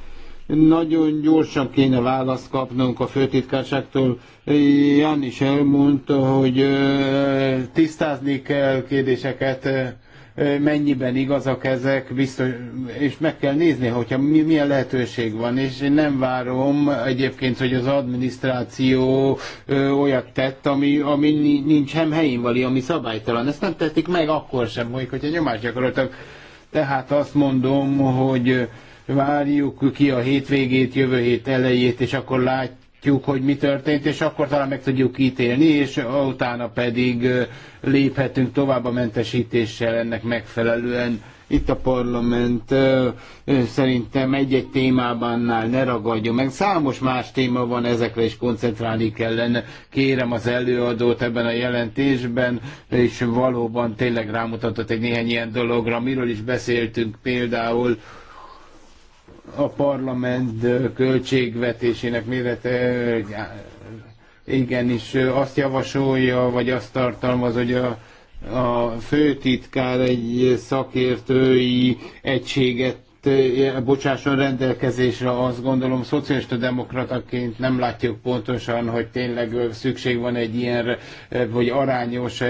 nagyon gyorsan kéne választ kapnunk a főtitkárságtól. E, Jan is elmondta, hogy tisztázni kell kérdéseket, mennyiben igazak ezek, biztos, és meg kell nézni, hogyha mi, milyen lehetőség van, és én nem várom egyébként, hogy az adminisztráció ö, olyat tett, ami, ami nincs sem helyén vali, ami szabálytalan. Ezt nem tették meg akkor sem, mondjuk, hogyha nyomást gyakoroltak. Tehát azt mondom, hogy várjuk ki a hétvégét, jövő hét elejét, és akkor látjuk, látjuk, hogy mi történt, és akkor talán meg tudjuk ítélni, és utána pedig léphetünk tovább a mentesítéssel ennek megfelelően. Itt a parlament szerintem egy-egy témában ne ragadjon meg. Számos más téma van, ezekre is koncentrálni kellene. Kérem az előadót ebben a jelentésben, és valóban tényleg rámutatott egy néhány ilyen dologra, miről is beszéltünk például, a parlament költségvetésének mérete eh, igenis eh, azt javasolja, vagy azt tartalmaz, hogy a, a főtitkár egy szakértői egységet Eh, bocsásson rendelkezésre, azt gondolom szocialista demokrataként nem látjuk pontosan, hogy tényleg eh, szükség van egy ilyenre, eh, vagy arányos,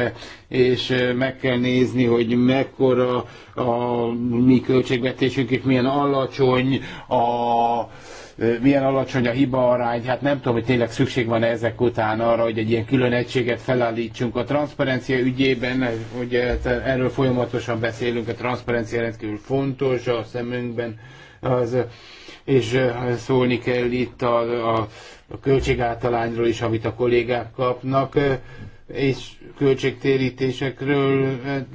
és meg kell nézni, hogy mekkora a mi költségvetésünk, és milyen alacsony a milyen alacsony a hiba arány, hát nem tudom, hogy tényleg szükség van -e ezek után arra, hogy egy ilyen külön egységet felállítsunk a transzparencia ügyében, hogy hát erről folyamatosan beszélünk, a transzparencia rendkívül fontos a szemünkben, az, és szólni kell itt a, a, a költségáltalányról is, amit a kollégák kapnak, és költségtérítésekről hát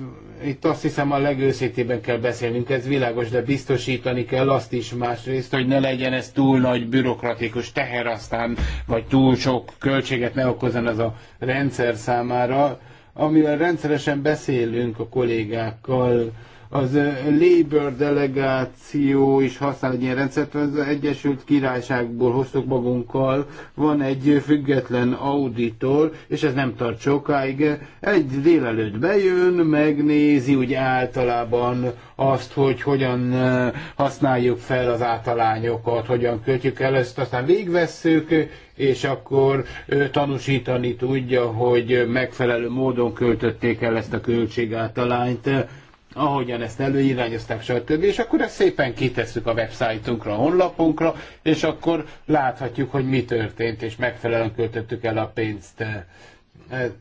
itt azt hiszem a legőszintében kell beszélnünk, ez világos, de biztosítani kell azt is másrészt, hogy ne legyen ez túl nagy bürokratikus teher aztán, vagy túl sok költséget ne okozzon az a rendszer számára, amivel rendszeresen beszélünk a kollégákkal, az eh, Labour delegáció is használ egy ilyen rendszert, az Egyesült Királyságból hoztuk magunkkal, van egy független auditor, és ez nem tart sokáig. Egy délelőtt bejön, megnézi úgy általában azt, hogy hogyan eh, használjuk fel az általányokat, hogyan kötjük el ezt, aztán végvesszük, és akkor eh, tanúsítani tudja, hogy megfelelő módon költötték el ezt a költségáltalányt ahogyan ezt előirányozták, stb. És akkor ezt szépen kitesszük a websájtunkra, a honlapunkra, és akkor láthatjuk, hogy mi történt, és megfelelően költöttük el a pénzt. E, e,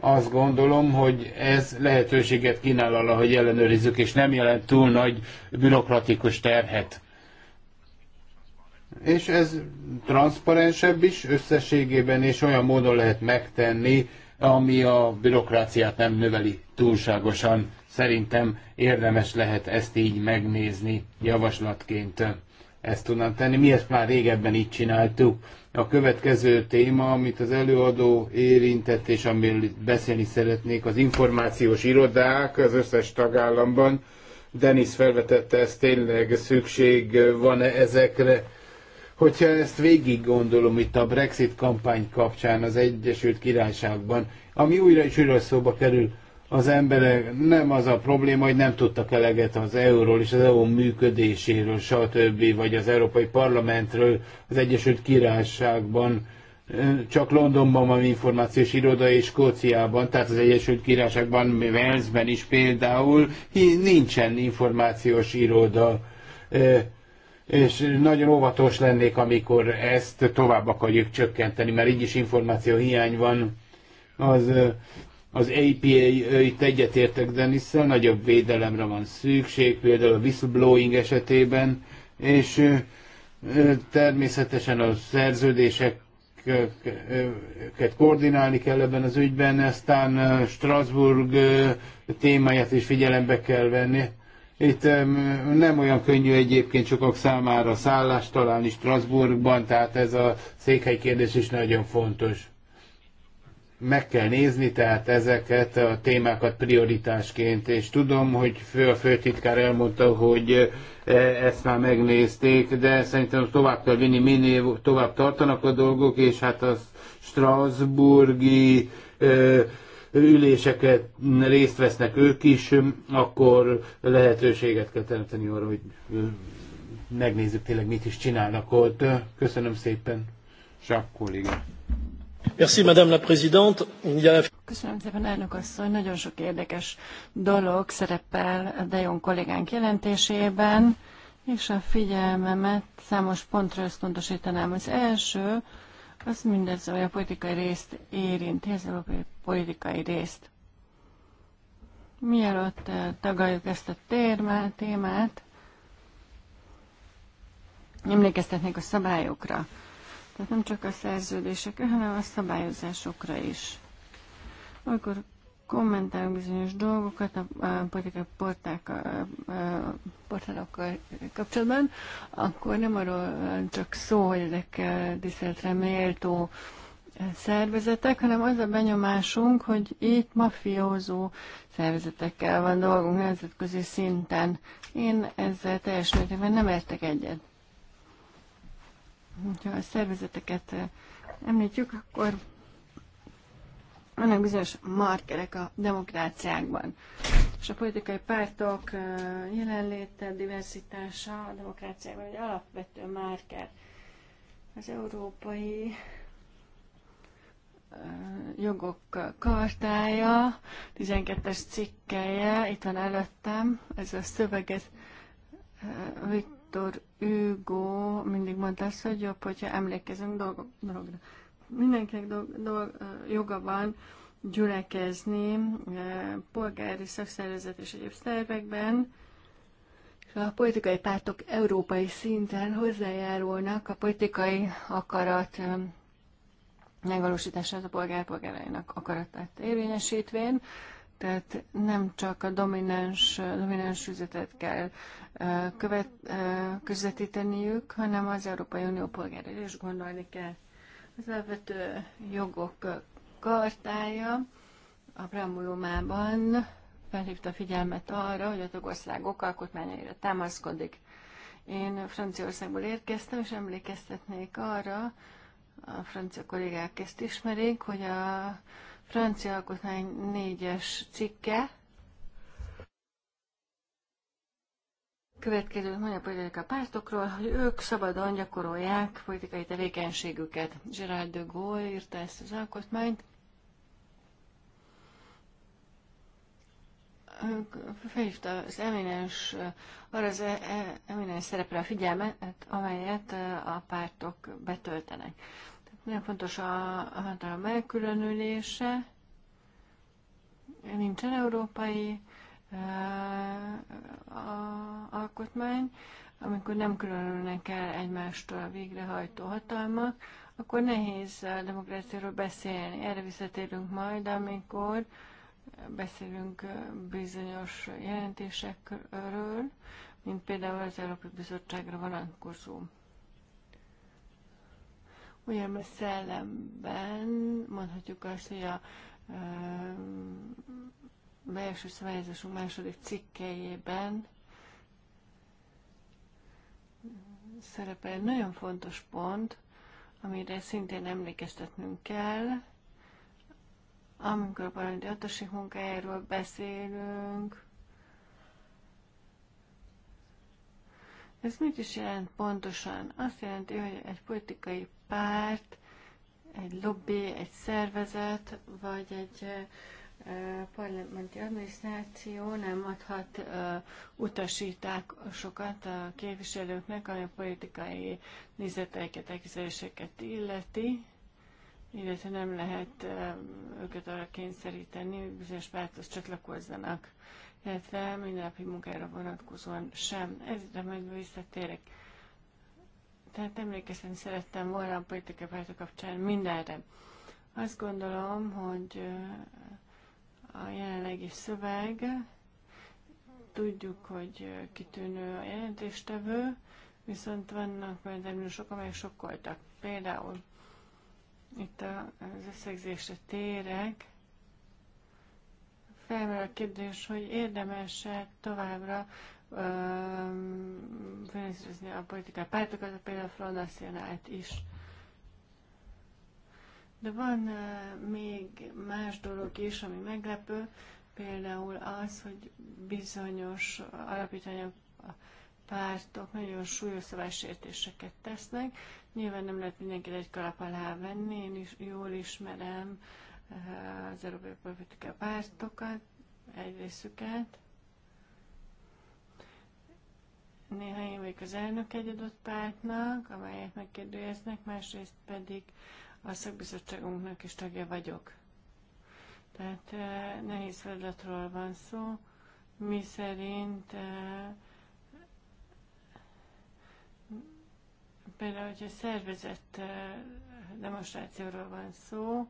azt gondolom, hogy ez lehetőséget kínál arra, hogy ellenőrizzük, és nem jelent túl nagy bürokratikus terhet. És ez transzparensebb is összességében, és olyan módon lehet megtenni, ami a bürokráciát nem növeli túlságosan. Szerintem érdemes lehet ezt így megnézni javaslatként. Eh, ezt tudnám tenni. Mi ezt már régebben így csináltuk. A következő téma, amit az előadó érintett, és amiről beszélni szeretnék, az információs irodák az összes tagállamban. Denis felvetette, ez tényleg szükség van-e ezekre Hogyha ezt végig gondolom itt a Brexit kampány kapcsán az Egyesült Királyságban, ami újra és újra szóba kerül, az emberek nem az a probléma, hogy nem tudtak eleget az euról és az EU működéséről, stb. vagy az Európai Parlamentről az Egyesült Királyságban, csak Londonban van információs iroda és Skóciában, tehát az Egyesült Királyságban, Walesben is például nincsen információs iroda és nagyon óvatos lennék, amikor ezt tovább akarjuk csökkenteni, mert így is információ hiány van. Az, az APA, itt egyetértek Denisszel, nagyobb védelemre van szükség, például a whistleblowing esetében, és természetesen a szerződéseket koordinálni kell ebben az ügyben, aztán Strasbourg témáját is figyelembe kell venni. Itt nem olyan könnyű egyébként sokak számára szállást találni Strasbourgban, tehát ez a székhely kérdés is nagyon fontos. Meg kell nézni tehát ezeket a témákat prioritásként, és tudom, hogy fő a főtitkár elmondta, hogy e, ezt már megnézték, de szerintem tovább kell vinni, minél tovább tartanak a dolgok, és hát a strasbourgi e, üléseket részt vesznek ők is, akkor lehetőséget kell teremteni arra, hogy megnézzük tényleg mit is csinálnak ott. Köszönöm szépen,
Jacques kolléga. Merci, Madame la Présidente.
Köszönöm szépen, elnök asszony. Nagyon sok érdekes dolog szerepel a Dejon kollégánk jelentésében, és a figyelmemet számos pontra összpontosítanám. Az első, az mindez, hogy a politikai részt érinti, az európai politikai részt. Mielőtt eh, tagadjuk ezt a térmát, témát, emlékeztetnék a szabályokra. Tehát nem csak a szerződésekre, hanem a szabályozásokra is. Amikor kommentálok bizonyos dolgokat a, a politikai portálokkal kapcsolatban, akkor nem arról csak szó, hogy ezek diszletre méltó szervezetek, hanem az a benyomásunk, hogy itt mafiózó szervezetekkel van dolgunk nemzetközi szinten. Én ezzel teljes mértékben nem értek egyet. Ha a szervezeteket említjük, akkor vannak bizonyos markerek a demokráciákban. És a politikai pártok jelenléte, diversitása a demokráciában egy alapvető marker. Az európai jogok kartája, 12-es cikkeje itt van előttem, ez a szöveget Viktor Hugo mindig mondta azt, hogy jobb, hogyha emlékezünk dolgokra mindenkinek dolg, dolg, joga van gyülekezni polgári szakszervezet és egyéb szervekben, a politikai pártok európai szinten hozzájárulnak a politikai akarat megvalósítását a polgárpolgárainak akaratát érvényesítvén, tehát nem csak a domináns, domináns üzletet kell követ, közvetíteniük, hanem az Európai Unió polgárai is gondolni kell. Az alapvető jogok kartája a preambulumában felhívta figyelmet arra, hogy a tagországok alkotmányaira támaszkodik. Én Franciaországból érkeztem, és emlékeztetnék arra, a francia kollégák ezt ismerik, hogy a francia alkotmány négyes cikke Következő pedig a pártokról, hogy ők szabadon gyakorolják politikai tevékenységüket. Gerard de Gaulle írta ezt az alkotmányt. felhívta az eminens, arra az e- e- eminens szerepre a figyelmet, amelyet e, a pártok betöltenek. Tehát nagyon fontos a, a hatalom elkülönülése, nincsen európai a alkotmány, amikor nem különülnek el egymástól a végrehajtó hatalmak, akkor nehéz a demokráciáról beszélni. Erre visszatérünk majd, amikor beszélünk bizonyos jelentésekről, mint például az Európai Bizottságra vonatkozó. Ugyanebben a szellemben mondhatjuk azt, hogy a belső szabályozásunk második cikkejében szerepel egy nagyon fontos pont, amire szintén emlékeztetnünk kell, amikor a parlamenti hatóság munkájáról beszélünk. Ez mit is jelent pontosan? Azt jelenti, hogy egy politikai párt, egy lobby, egy szervezet, vagy egy parlamenti adminisztráció nem adhat utasításokat a képviselőknek, ami a politikai nézeteiket, elképzeléseket illeti, illetve nem lehet őket arra kényszeríteni, hogy bizonyos párthoz csatlakozzanak, illetve mindennapi munkára vonatkozóan sem. Ezre majd visszatérek. Tehát emlékeztem, szerettem volna a politikai pártok kapcsán mindenre. Azt gondolom, hogy a jelenlegi szöveg. Tudjuk, hogy kitűnő a jelentéstevő, viszont vannak például sok, amelyek sokkoltak. Például itt az összegzésre térek, felmerül a kérdés, hogy érdemes-e továbbra finanszírozni a politikai pártokat, például a Front National-t is. De van még más dolog is, ami meglepő, például az, hogy bizonyos alapítványok pártok nagyon súlyos szabálysértéseket tesznek. Nyilván nem lehet mindenkit egy kalap alá venni, én is jól ismerem az európai politika pártokat, egy részüket. Néha én vagyok az elnök egy adott pártnak, amelyet megkérdőjeznek, másrészt pedig a szakbizottságunknak is tagja vagyok. Tehát eh, nehéz feladatról van szó, mi szerint eh, például, hogyha szervezett eh, demonstrációról van szó,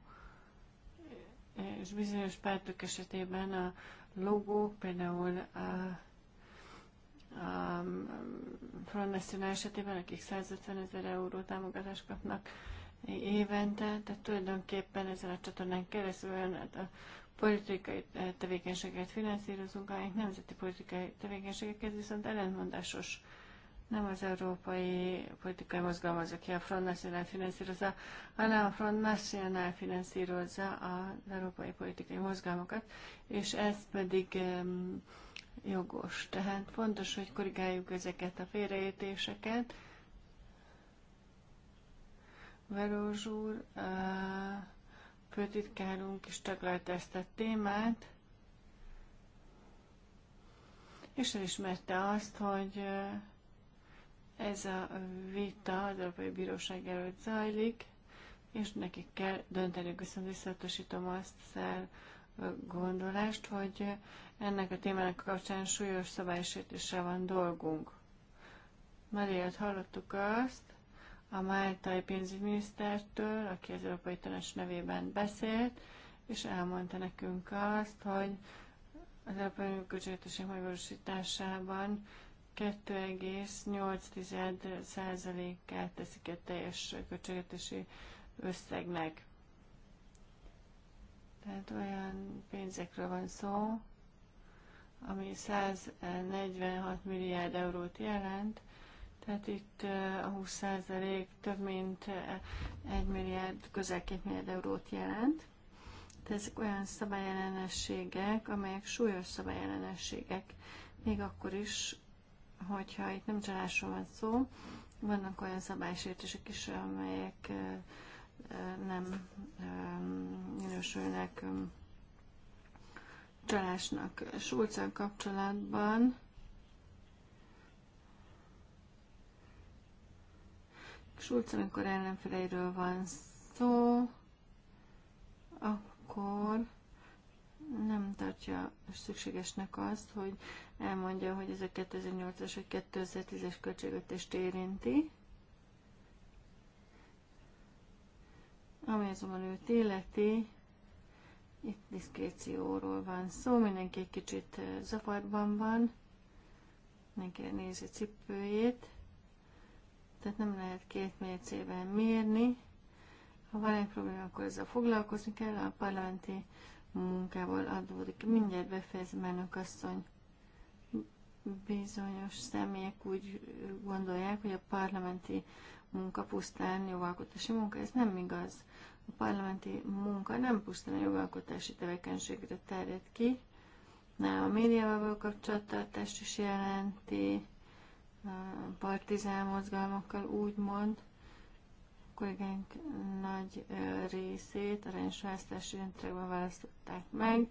és bizonyos pártok esetében a logó, például a, a Front National esetében, akik 150 ezer euró támogatást kapnak, évente, tehát tulajdonképpen ezen a csatornán keresztül hát a politikai eh, tevékenységet finanszírozunk, amelyek nemzeti politikai tevékenységekhez viszont ellentmondásos nem az európai politikai mozgalom az, aki a Front National finanszírozza, hanem a Front National finanszírozza az európai politikai mozgalmakat, és ez pedig um, jogos. Tehát fontos, hogy korrigáljuk ezeket a félreértéseket, Verózs úr, főtitkárunk is taglalta ezt a témát, és elismerte azt, hogy ez a vita az Európai Bíróság előtt zajlik, és nekik kell dönteni, viszont visszatosítom azt a gondolást, hogy ennek a témának kapcsán súlyos szabálysértéssel van dolgunk. Mert hallottuk azt, a máltai pénzügyminisztertől, aki az Európai Tanács nevében beszélt, és elmondta nekünk azt, hogy az Európai Unió megvalósításában 2,8%-át teszik egy teljes költségvetési összegnek. Tehát olyan pénzekről van szó, ami 146 milliárd eurót jelent, tehát itt a 20% több mint 1 milliárd, közel 2 milliárd eurót jelent. De ezek olyan szabályellenességek, amelyek súlyos szabályellenességek, még akkor is, hogyha itt nem csalásról van szó, vannak olyan szabálysértések is, amelyek nem minősülnek csalásnak. Sulcán kapcsolatban Schulz, amikor ellenfeleiről van szó, akkor nem tartja szükségesnek azt, hogy elmondja, hogy ez a 2008-as vagy 2010-es költségvetést érinti. Ami azonban őt illeti, itt diszkrécióról van szó, mindenki egy kicsit zavarban van, mindenki nézi cipőjét tehát nem lehet két mércével mérni. Ha van egy probléma, akkor ezzel foglalkozni kell, a parlamenti munkával adódik. Mindjárt befejezem, elnök asszony. Bizonyos személyek úgy gondolják, hogy a parlamenti munka pusztán jogalkotási munka. Ez nem igaz. A parlamenti munka nem pusztán a jogalkotási tevékenységre terjed ki, nem a médiával való kapcsolattartást is jelenti, partizán mozgalmakkal úgymond a kollégánk nagy részét a választási rendszerben választották meg,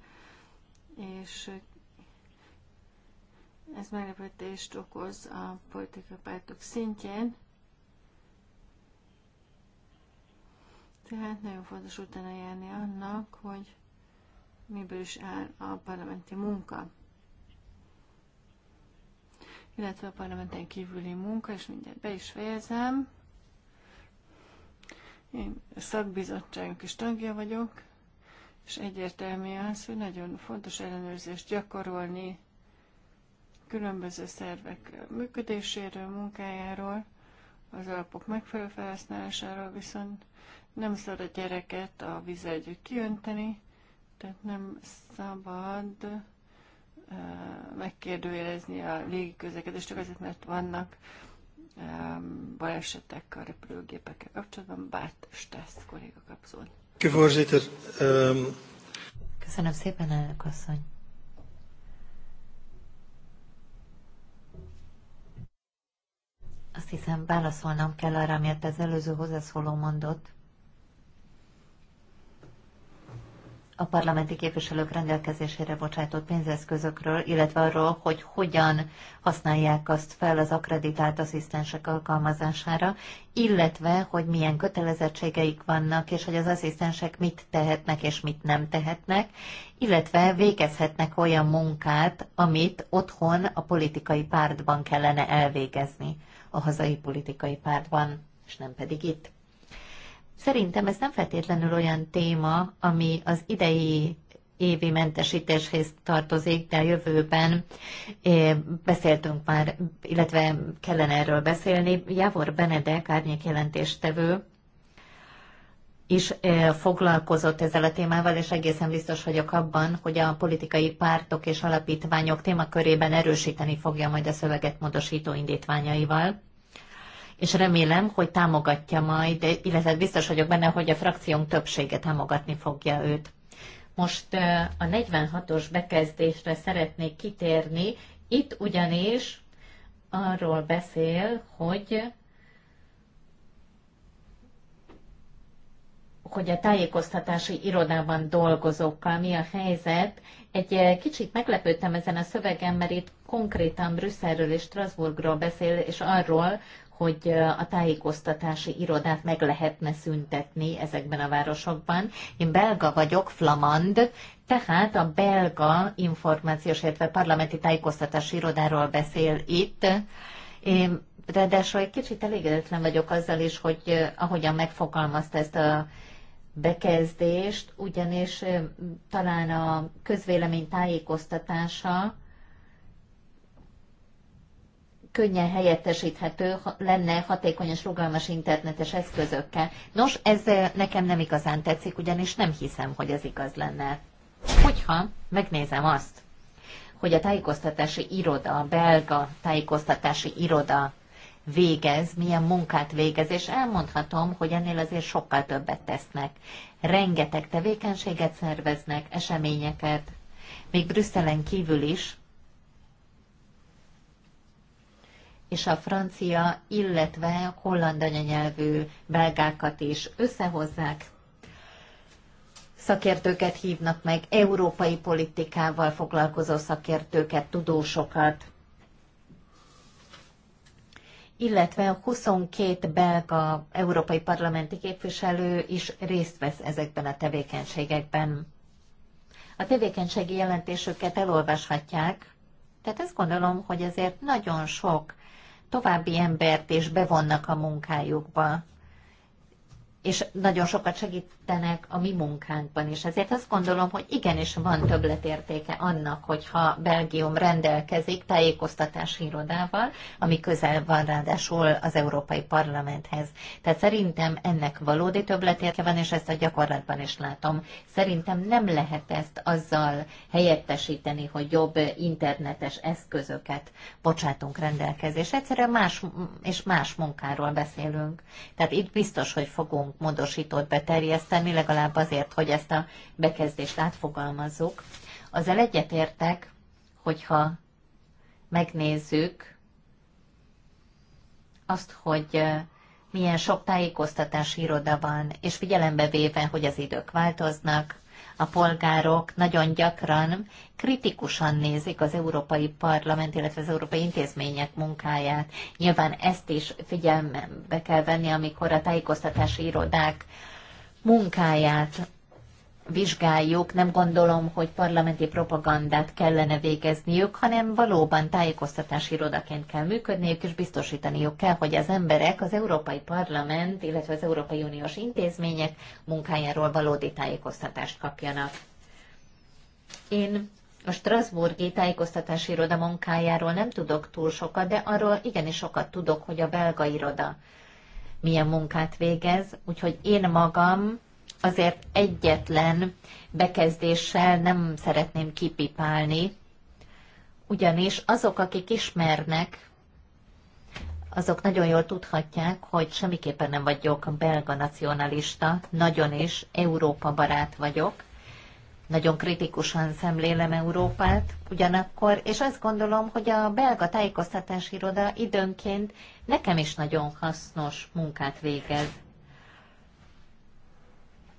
és ez meglepetést okoz a politikai pártok szintjén. Tehát nagyon fontos utána járni annak, hogy miből is áll a parlamenti munka illetve a parlamenten kívüli munka, és mindjárt be is fejezem. Én szakbizottságunk is tagja vagyok, és egyértelmű az, hogy nagyon fontos ellenőrzést gyakorolni különböző szervek működéséről, munkájáról, az alapok megfelelő felhasználásáról, viszont nem szabad a gyereket a vízzel együtt kiönteni, tehát nem szabad megkérdőjelezni a légiközlekedést, csak azért, mert vannak balesetek a repülőgépekkel kapcsolatban. Bárt Stász
kolléga kapszol. Ehm, Köszönöm szépen, elnök asszony. Azt hiszem, válaszolnom kell arra, amit az előző hozzászóló mondott. a parlamenti képviselők rendelkezésére bocsátott pénzeszközökről, illetve arról, hogy hogyan használják azt fel az akreditált asszisztensek alkalmazására, illetve, hogy milyen kötelezettségeik vannak, és hogy az asszisztensek mit tehetnek és mit nem tehetnek, illetve végezhetnek olyan munkát, amit otthon a politikai pártban kellene elvégezni, a hazai politikai pártban, és nem pedig itt. Szerintem ez nem feltétlenül olyan téma, ami az idei évi mentesítéshez tartozik, de a jövőben eh, beszéltünk már, illetve kellene erről beszélni. Javor Benedek, árnyékjelentéstevő, is eh, foglalkozott ezzel a témával, és egészen biztos vagyok abban, hogy a politikai pártok és alapítványok témakörében erősíteni fogja majd a szöveget módosító indítványaival és remélem, hogy támogatja majd, illetve biztos vagyok benne, hogy a frakciónk többsége támogatni fogja őt. Most a 46-os bekezdésre szeretnék kitérni, itt ugyanis arról beszél, hogy hogy a tájékoztatási irodában dolgozókkal mi a helyzet. Egy kicsit meglepődtem ezen a szövegen, mert itt konkrétan Brüsszelről és Strasbourgról beszél, és arról, hogy a tájékoztatási irodát meg lehetne szüntetni ezekben a városokban. Én belga vagyok, flamand, tehát a belga információs, illetve parlamenti tájékoztatási irodáról beszél itt. Én ráadásul egy kicsit elégedetlen vagyok azzal is, hogy ahogyan megfogalmazta ezt a bekezdést, ugyanis talán a közvélemény tájékoztatása könnyen helyettesíthető lenne hatékonyos, rugalmas internetes eszközökkel. Nos, ez eh, nekem nem igazán tetszik, ugyanis nem hiszem, hogy ez igaz lenne. Hogyha megnézem azt, hogy a tájékoztatási iroda, a belga tájékoztatási iroda végez, milyen munkát végez, és elmondhatom, hogy ennél azért sokkal többet tesznek. Rengeteg tevékenységet szerveznek, eseményeket, még Brüsszelen kívül is, és a francia, illetve a holland anyanyelvű belgákat is összehozzák. Szakértőket hívnak meg, európai politikával foglalkozó szakértőket, tudósokat, illetve a 22 belga európai parlamenti képviselő is részt vesz ezekben a tevékenységekben. A tevékenységi jelentésüket elolvashatják, tehát ezt gondolom, hogy azért nagyon sok további embert és bevonnak a munkájukba. És nagyon sokat segít segítenek a mi munkánkban is. Ezért azt gondolom, hogy igenis van többletértéke annak, hogyha Belgium rendelkezik tájékoztatási irodával, ami közel van ráadásul az Európai Parlamenthez. Tehát szerintem ennek valódi többletértéke van, és ezt a gyakorlatban is látom. Szerintem nem lehet ezt azzal helyettesíteni, hogy jobb internetes eszközöket bocsátunk rendelkezésre. Egyszerűen más és más munkáról beszélünk. Tehát itt biztos, hogy fogunk módosítót beterjeszteni, mi legalább azért, hogy ezt a bekezdést átfogalmazzuk. Azzal egyetértek, hogyha megnézzük azt, hogy milyen sok tájékoztatási iroda van, és figyelembe véve, hogy az idők változnak, a polgárok nagyon gyakran kritikusan nézik az Európai Parlament, illetve az Európai Intézmények munkáját. Nyilván ezt is figyelmebe kell venni, amikor a tájékoztatási irodák munkáját vizsgáljuk, nem gondolom, hogy parlamenti propagandát kellene végezniük, hanem valóban tájékoztatási irodaként kell működniük, és biztosítaniuk kell, hogy az emberek az Európai Parlament, illetve az Európai Uniós intézmények munkájáról valódi tájékoztatást kapjanak. Én a Strasburgi tájékoztatási iroda munkájáról nem tudok túl sokat, de arról igenis sokat tudok, hogy a belga iroda milyen munkát végez, úgyhogy én magam azért egyetlen bekezdéssel nem szeretném kipipálni, ugyanis azok, akik ismernek, azok nagyon jól tudhatják, hogy semmiképpen nem vagyok belga nacionalista, nagyon is Európa barát vagyok, nagyon kritikusan szemlélem Európát ugyanakkor, és azt gondolom, hogy a belga tájékoztatási iroda időnként nekem is nagyon hasznos munkát végez.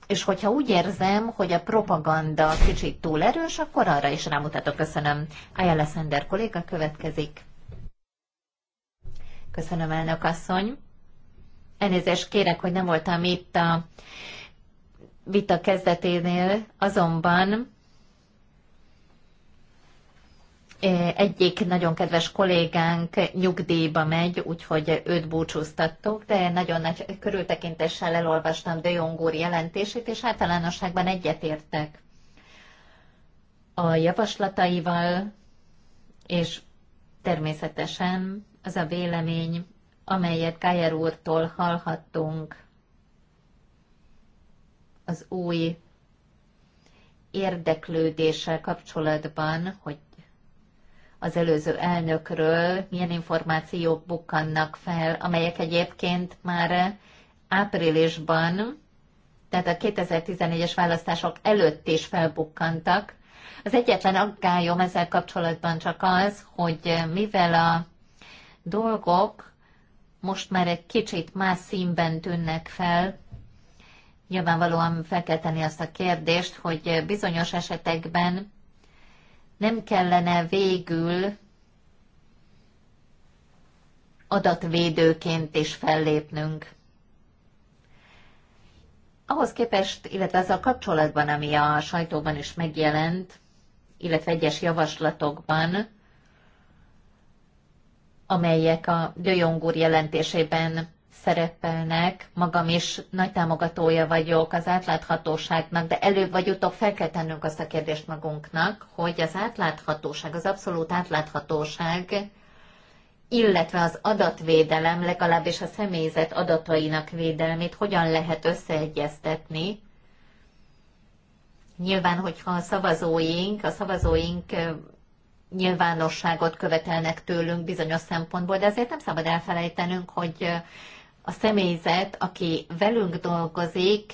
És hogyha úgy érzem, hogy a propaganda kicsit túl erős, akkor arra is rámutatok. Köszönöm. Ayala Szender kolléga következik. Köszönöm, elnök asszony. Elnézést kérek, hogy nem voltam itt a vita kezdeténél azonban eh, egyik nagyon kedves kollégánk nyugdíjba megy, úgyhogy őt búcsúztattuk, de nagyon nagy körültekintéssel elolvastam De Jong úr jelentését, és általánosságban egyetértek a javaslataival, és természetesen az a vélemény, amelyet Kájer úrtól hallhattunk az új érdeklődéssel kapcsolatban, hogy az előző elnökről milyen információk bukkannak fel, amelyek egyébként már áprilisban, tehát a 2014-es választások előtt is felbukkantak. Az egyetlen aggályom ezzel kapcsolatban csak az, hogy mivel a dolgok most már egy kicsit más színben tűnnek fel, Nyilvánvalóan fel kell tenni azt a kérdést, hogy bizonyos esetekben nem kellene végül adatvédőként is fellépnünk. Ahhoz képest, illetve a kapcsolatban, ami a sajtóban is megjelent, illetve egyes javaslatokban, amelyek a Döjong úr jelentésében szerepelnek, magam is nagy támogatója vagyok az átláthatóságnak, de előbb vagy utóbb fel kell tennünk azt a kérdést magunknak, hogy az átláthatóság, az abszolút átláthatóság, illetve az adatvédelem, legalábbis a személyzet adatainak védelmét hogyan lehet összeegyeztetni. Nyilván, hogyha a szavazóink, a szavazóink nyilvánosságot követelnek tőlünk bizonyos szempontból, de azért nem szabad elfelejtenünk, hogy a személyzet, aki velünk dolgozik,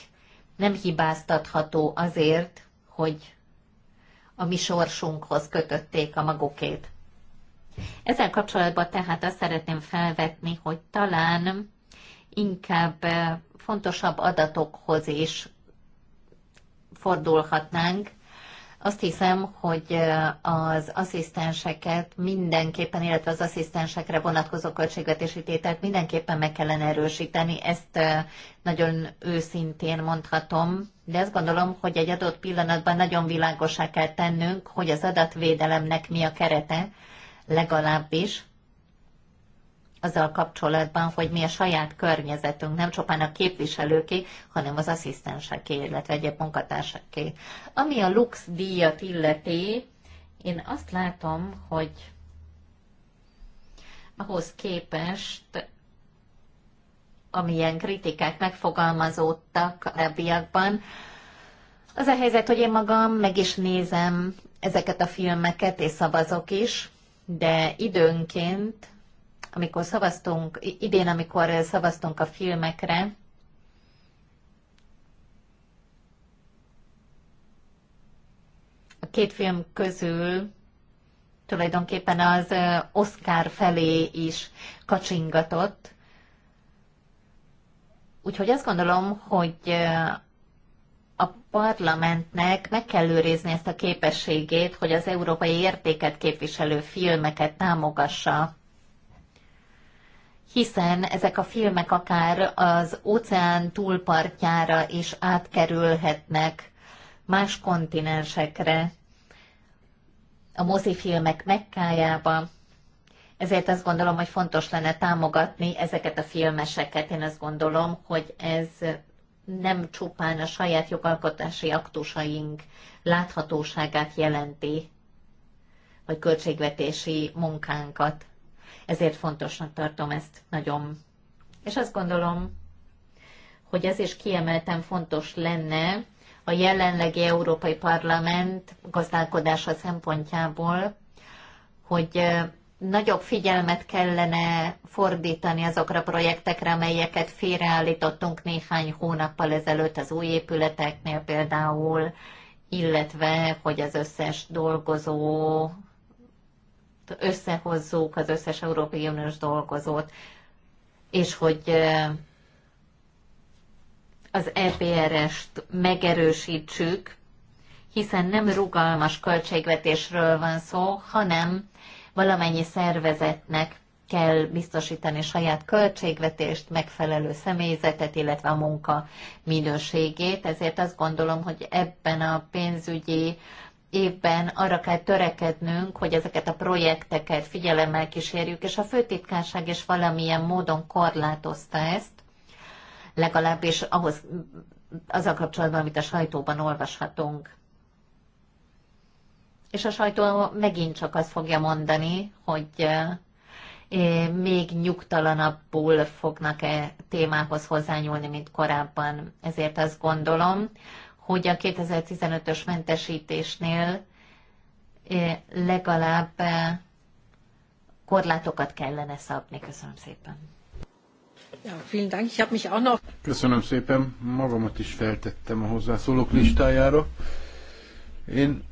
nem hibáztatható azért, hogy a mi sorsunkhoz kötötték a magukét. Ezzel kapcsolatban tehát azt szeretném felvetni, hogy talán inkább eh, fontosabb adatokhoz is fordulhatnánk, azt hiszem, hogy az asszisztenseket mindenképpen, illetve az asszisztensekre vonatkozó költségvetési tételt mindenképpen meg kellene erősíteni. Ezt nagyon őszintén mondhatom, de azt gondolom, hogy egy adott pillanatban nagyon világosá kell tennünk, hogy az adatvédelemnek mi a kerete, legalábbis azzal kapcsolatban, hogy mi a saját környezetünk, nem csupán a képviselőké, hanem az asszisztenseké, illetve egyéb munkatársaké. Ami a Lux díjat illeti, én azt látom, hogy ahhoz képest, amilyen kritikák megfogalmazódtak biakban, az a helyzet, hogy én magam meg is nézem ezeket a filmeket, és szavazok is, de időnként amikor szavaztunk, idén, amikor szavaztunk a filmekre, a két film közül tulajdonképpen az Oscar felé is kacsingatott. Úgyhogy azt gondolom, hogy a parlamentnek meg kell őrizni ezt a képességét, hogy az európai értéket képviselő filmeket támogassa hiszen ezek a filmek akár az óceán túlpartjára is átkerülhetnek más kontinensekre, a mozifilmek mekkájába. Ezért azt gondolom, hogy fontos lenne támogatni ezeket a filmeseket. Én azt gondolom, hogy ez nem csupán a saját jogalkotási aktusaink láthatóságát jelenti, vagy költségvetési munkánkat. Ezért fontosnak tartom ezt nagyon. És azt gondolom, hogy ez is kiemelten fontos lenne a jelenlegi Európai Parlament gazdálkodása szempontjából, hogy nagyobb figyelmet kellene fordítani azokra a projektekre, amelyeket félreállítottunk néhány hónappal ezelőtt az új épületeknél például, illetve hogy az összes dolgozó összehozzuk az összes Európai Uniós dolgozót, és hogy az EPRS-t megerősítsük, hiszen nem rugalmas költségvetésről van szó, hanem valamennyi szervezetnek kell biztosítani saját költségvetést, megfelelő személyzetet, illetve a munka minőségét. Ezért azt gondolom, hogy ebben a pénzügyi évben arra kell törekednünk, hogy ezeket a projekteket figyelemmel kísérjük, és a főtitkárság is valamilyen módon korlátozta ezt, legalábbis ahhoz, a kapcsolatban, amit a sajtóban olvashatunk. És a sajtó megint csak azt fogja mondani, hogy eh, még nyugtalanabbul fognak-e témához hozzányúlni, mint korábban. Ezért azt gondolom, hogy a 2015-ös mentesítésnél eh, legalább eh, korlátokat kellene szabni. Köszönöm szépen.
Köszönöm szépen. Magamat is feltettem a hozzászólók listájára. Én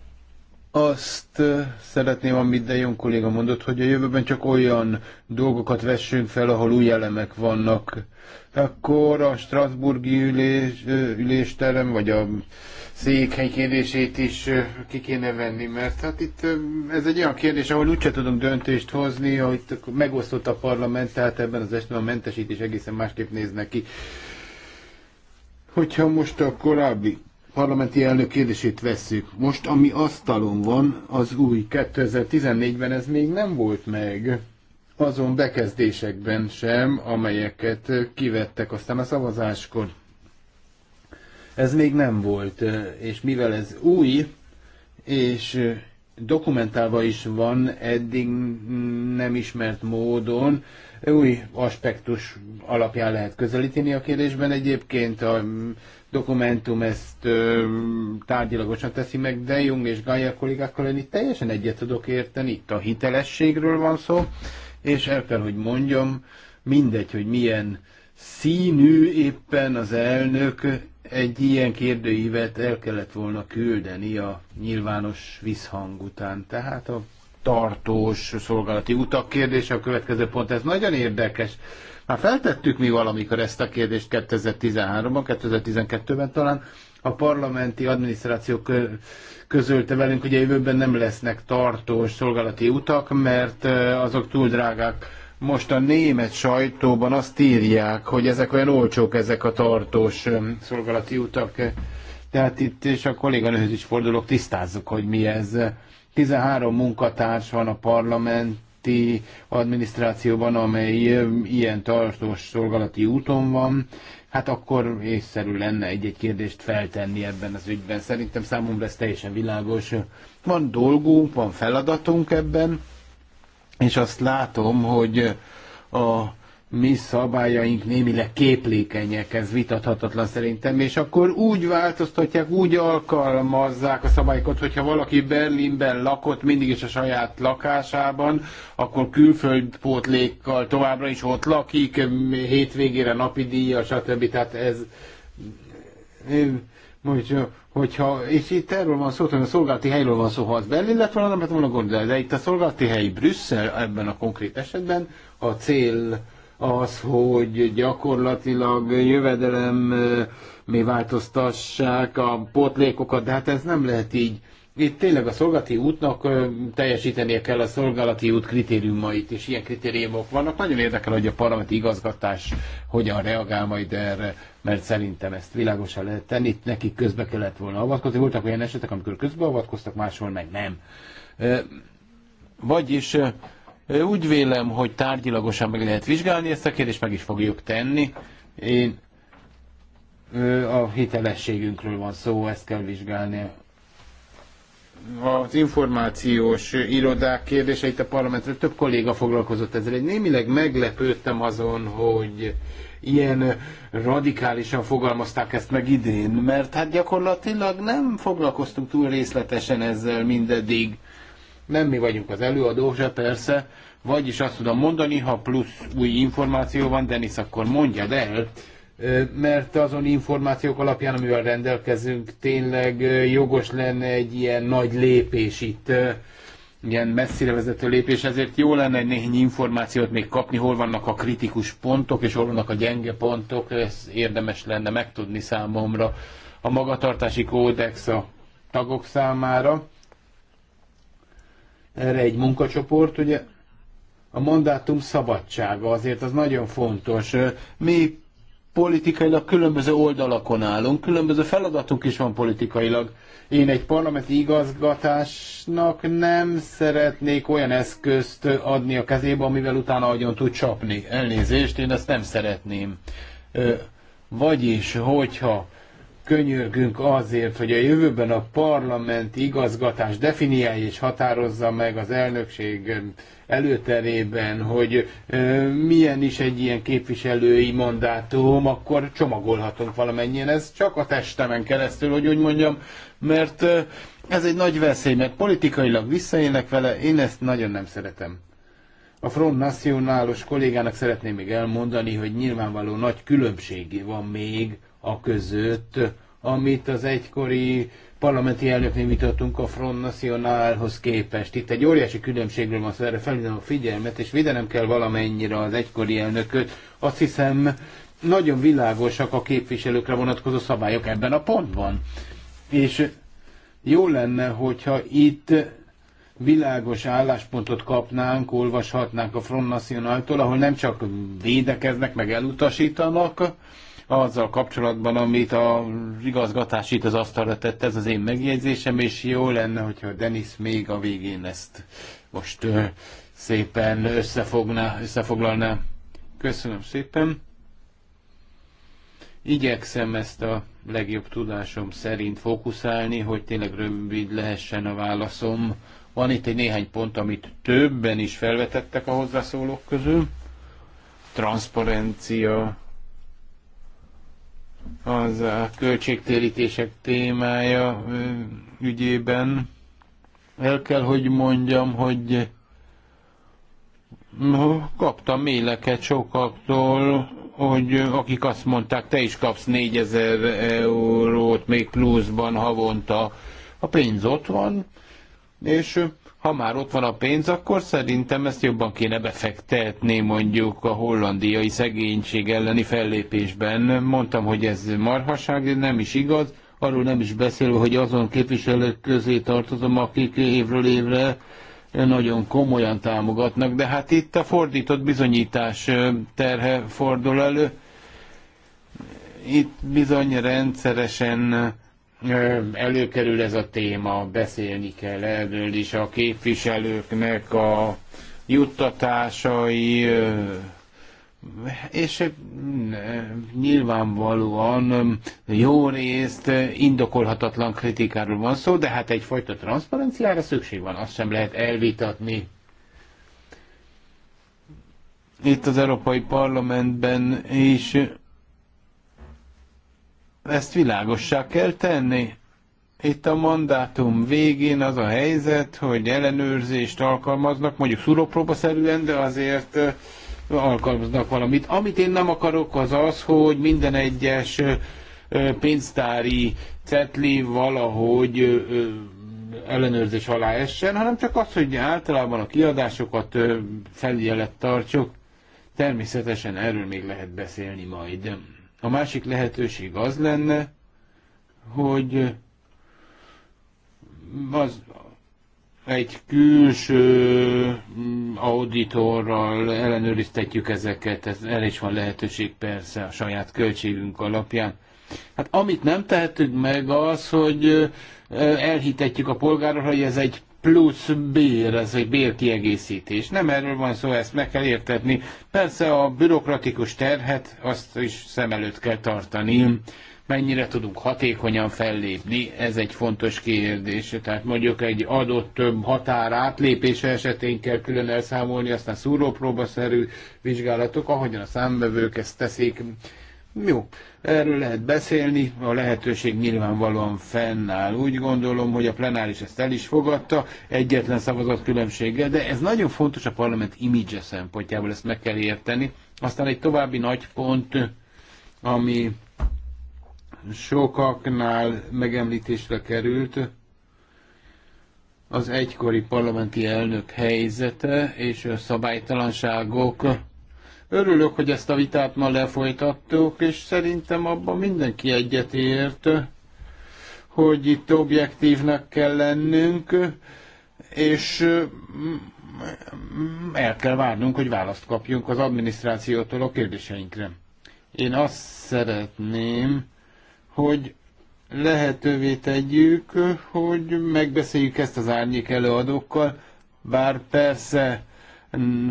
azt szeretném, amit De jön kolléga mondott, hogy a jövőben csak olyan dolgokat vessünk fel, ahol új elemek vannak. Akkor a Strasburgi ülés, ülésterem, vagy a székhely kérdését is ki kéne venni, mert hát itt ez egy olyan kérdés, ahol úgyse tudunk döntést hozni, hogy megosztott a parlament, tehát ebben az esetben a mentesítés egészen másképp néz neki. Hogyha most a korábbi parlamenti elnök kérdését vesszük. Most, ami asztalon van, az új 2014-ben ez még nem volt meg azon bekezdésekben sem, amelyeket kivettek aztán a szavazáskor. Ez még nem volt, és mivel ez új, és dokumentálva is van eddig nem ismert módon, új aspektus alapján lehet közelíteni a kérdésben. Egyébként a dokumentum ezt ö, tárgyilagosan teszi meg, de Jung és Gaia kollégákkal én itt teljesen egyet tudok érteni, itt a hitelességről van szó, és el kell, hogy mondjam, mindegy, hogy milyen színű éppen az elnök, egy ilyen kérdőívet el kellett volna küldeni a nyilvános visszhang után. Tehát a tartós szolgálati utak kérdése a következő pont, ez nagyon érdekes. Hát feltettük mi valamikor ezt a kérdést 2013-ban, 2012-ben talán, a parlamenti adminisztráció közölte velünk, hogy a jövőben nem lesznek tartós szolgálati utak, mert azok túl drágák. Most a német sajtóban azt írják, hogy ezek olyan olcsók, ezek a tartós szolgálati utak. Tehát itt, és a kolléganőhöz is fordulok, tisztázzuk, hogy mi ez. 13 munkatárs van a parlament, nemzeti adminisztrációban, amely ilyen tartós szolgálati úton van, hát akkor észszerű lenne egy-egy kérdést feltenni ebben az ügyben. Szerintem számomra ez teljesen világos. Van dolgunk, van feladatunk ebben, és azt látom, hogy a mi szabályaink némileg képlékenyek, ez vitathatatlan szerintem, és akkor úgy változtatják, úgy alkalmazzák a szabályokat, hogyha valaki Berlinben lakott mindig is a saját lakásában, akkor külföldpótlékkal továbbra is ott lakik, hétvégére napi díja, stb. Tehát ez hogyha, és itt erről van szó, hogy a szolgálati helyről van szó, ha az Berlin lett volna, mert volna gond, de itt a szolgálati hely Brüsszel ebben a konkrét esetben a cél az, hogy gyakorlatilag jövedelem mi változtassák a potlékokat, de hát ez nem lehet így. Itt tényleg a szolgálati útnak teljesítenie kell a szolgálati út kritériumait, és ilyen kritériumok vannak. Nagyon érdekel, hogy a parlamenti igazgatás hogyan reagál majd erre, mert szerintem ezt világosan lehet tenni. Itt nekik közbe kellett volna avatkozni. Voltak olyan esetek, amikor avatkoztak, máshol meg nem. Vagyis úgy vélem, hogy tárgyilagosan meg lehet vizsgálni ezt a kérdést, meg is fogjuk tenni. Én a hitelességünkről van szó, ezt kell vizsgálni. Az információs irodák kérdése itt a parlamentről több kolléga foglalkozott ezzel. Egy némileg meglepődtem azon, hogy ilyen radikálisan fogalmazták ezt meg idén, mert hát gyakorlatilag nem foglalkoztunk túl részletesen ezzel mindeddig. Nem mi vagyunk az előadó se, persze, vagyis azt tudom mondani, ha plusz új információ van, Denis, akkor mondjad el, mert azon információk alapján, amivel rendelkezünk, tényleg jogos lenne egy ilyen nagy lépés itt, ilyen messzire vezető lépés, ezért jó lenne egy néhány információt még kapni, hol vannak a kritikus pontok, és hol vannak a gyenge pontok, ez érdemes lenne megtudni számomra a magatartási kódex a tagok számára. Erre egy munkacsoport ugye a mandátum szabadsága azért az nagyon fontos. Mi politikailag különböző oldalakon állunk, különböző feladatunk is van politikailag. Én egy parlamenti igazgatásnak nem szeretnék olyan eszközt adni a kezébe, amivel utána agyon tud csapni. Elnézést, én ezt nem szeretném. Vagyis, hogyha könyörgünk azért, hogy a jövőben a parlament igazgatás definiálja és határozza meg az elnökség előterében, hogy milyen is egy ilyen képviselői mandátum, akkor csomagolhatunk valamennyien. Ez csak a testemen keresztül, hogy úgy mondjam, mert ez egy nagy veszély, mert politikailag visszaélnek vele, én ezt nagyon nem szeretem. A Front Nacionálos kollégának szeretném még elmondani, hogy nyilvánvaló nagy különbség van még a között, amit az egykori parlamenti elnöknél vitattunk a Front Nationalhoz képest. Itt egy óriási különbségről van szó, erre felhívom a figyelmet, és védenem kell valamennyire az egykori elnököt. Azt hiszem, nagyon világosak a képviselőkre vonatkozó szabályok ebben a pontban. És jó lenne, hogyha itt világos álláspontot kapnánk, olvashatnánk a Front Nationaltól, ahol nem csak védekeznek, meg elutasítanak, azzal kapcsolatban, amit a igazgatás itt az asztalra tett, ez az én megjegyzésem, és jó lenne, hogyha Denis még a végén ezt most uh, szépen összefogná, összefoglalná. Köszönöm szépen. Igyekszem ezt a legjobb tudásom szerint fókuszálni, hogy tényleg rövid lehessen a válaszom. Van itt egy néhány pont, amit többen is felvetettek a hozzászólók közül. transparencia az a költségtérítések témája ügyében. El kell, hogy mondjam, hogy kaptam méleket sokaktól, hogy akik azt mondták, te is kapsz 4000 eurót még pluszban havonta. A pénz ott van, és ha már ott van a pénz, akkor szerintem ezt jobban kéne befektetni mondjuk a hollandiai szegénység elleni fellépésben. Mondtam, hogy ez marhaság, de nem is igaz. Arról nem is beszélve, hogy azon képviselők közé tartozom, akik évről évre nagyon komolyan támogatnak, de hát itt a fordított bizonyítás terhe fordul elő. Itt bizony rendszeresen előkerül ez a téma, beszélni kell erről is a képviselőknek a juttatásai, és nyilvánvalóan jó részt indokolhatatlan kritikáról van szó, de hát egyfajta transzparenciára szükség van, azt sem lehet elvitatni. Itt az Európai Parlamentben is ezt világossá kell tenni. Itt a mandátum végén az a helyzet, hogy ellenőrzést alkalmaznak, mondjuk szerűen, de azért alkalmaznak valamit. Amit én nem akarok, az az, hogy minden egyes pénztári cetli valahogy ellenőrzés alá essen, hanem csak az, hogy általában a kiadásokat felügyelet tartsuk. Természetesen erről még lehet beszélni majd. A másik lehetőség az lenne, hogy az egy külső mm, auditorral ellenőriztetjük ezeket, ez el is van lehetőség persze a saját költségünk alapján. Hát amit nem tehetünk meg az, hogy elhitetjük a polgárra, hogy ez egy plusz bér, ez egy bérkiegészítés. Nem erről van szó, ezt meg kell értetni. Persze a bürokratikus terhet azt is szem előtt kell tartani. Mennyire tudunk hatékonyan fellépni, ez egy fontos kérdés. Tehát mondjuk egy adott határ átlépése esetén kell külön elszámolni, aztán szúrópróbaszerű vizsgálatok, ahogyan a számbevők ezt teszik. Jó, Erről lehet beszélni, a lehetőség nyilvánvalóan fennáll. Úgy gondolom, hogy a plenáris ezt el is fogadta, egyetlen szavazat különbséggel, de ez nagyon fontos a parlament imidzse szempontjából, ezt meg kell érteni. Aztán egy további nagy pont, ami sokaknál megemlítésre került, az egykori parlamenti elnök helyzete és a szabálytalanságok Örülök, hogy ezt a vitát ma lefolytattuk, és szerintem abban mindenki egyetért, hogy itt objektívnak kell lennünk, és mm, el kell várnunk, hogy választ kapjunk az adminisztrációtól a kérdéseinkre. Én azt szeretném, hogy lehetővé tegyük, hogy megbeszéljük ezt az árnyék előadókkal, bár persze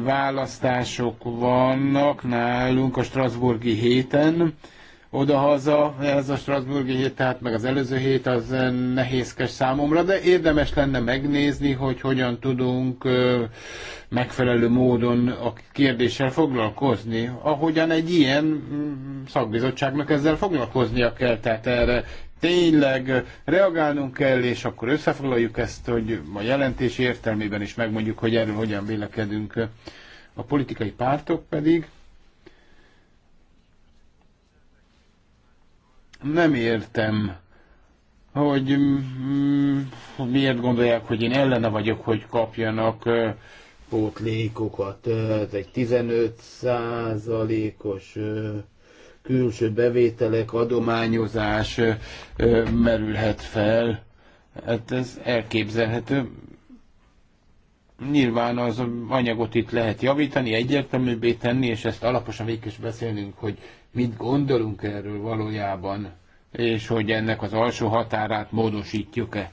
választások vannak nálunk a Strasburgi héten, oda-haza, ez a Strasburgi hét, tehát meg az előző hét az nehézkes számomra, de érdemes lenne megnézni, hogy hogyan tudunk megfelelő módon a kérdéssel foglalkozni. Ahogyan egy ilyen mm, szakbizottságnak ezzel foglalkoznia kell, tehát erre tényleg reagálnunk kell, és akkor összefoglaljuk ezt, hogy a jelentés értelmében is megmondjuk, hogy erről hogyan vélekedünk. A politikai pártok pedig nem értem, hogy miért gondolják, hogy én ellene vagyok, hogy kapjanak pótlékokat. Ez egy 15 százalékos külső bevételek, adományozás merülhet fel. Hát ez elképzelhető. Nyilván az anyagot itt lehet javítani, egyértelműbbé tenni, és ezt alaposan végig is beszélnünk, hogy mit gondolunk erről valójában, és hogy ennek az alsó határát módosítjuk-e.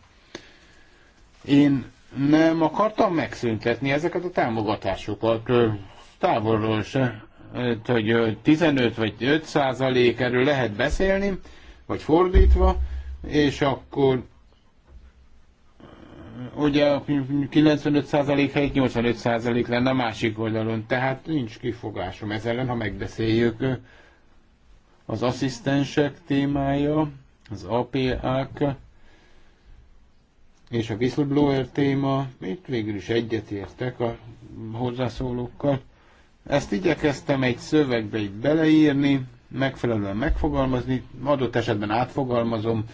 Én nem akartam megszüntetni ezeket a támogatásokat, távolról se hogy 15 vagy 5 százalék, erről lehet beszélni, vagy fordítva, és akkor ugye 95% helyett 85% lenne a másik oldalon, tehát nincs kifogásom ez ellen, ha megbeszéljük az asszisztensek témája, az APA-k és a whistleblower téma, itt végül is egyetértek a hozzászólókkal. Ezt igyekeztem egy szövegbe így beleírni, megfelelően megfogalmazni, adott esetben átfogalmazom,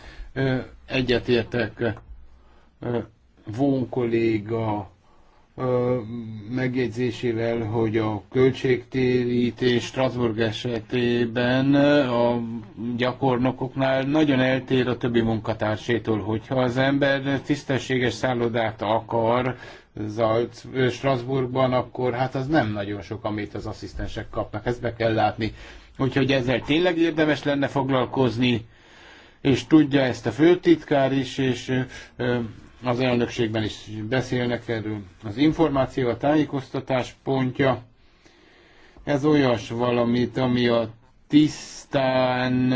egyetértek Vón kolléga megjegyzésével, hogy a költségtérítés Strasbourg esetében a gyakornokoknál nagyon eltér a többi munkatársétól, hogyha az ember tisztességes szállodát akar, Zalc, Strasbourgban, akkor hát az nem nagyon sok, amit az asszisztensek kapnak. Ezt be kell látni. Úgyhogy ezzel tényleg érdemes lenne foglalkozni, és tudja ezt a főtitkár is, és az elnökségben is beszélnek erről. Az információ, a tájékoztatás pontja, ez olyas valamit, ami a tisztán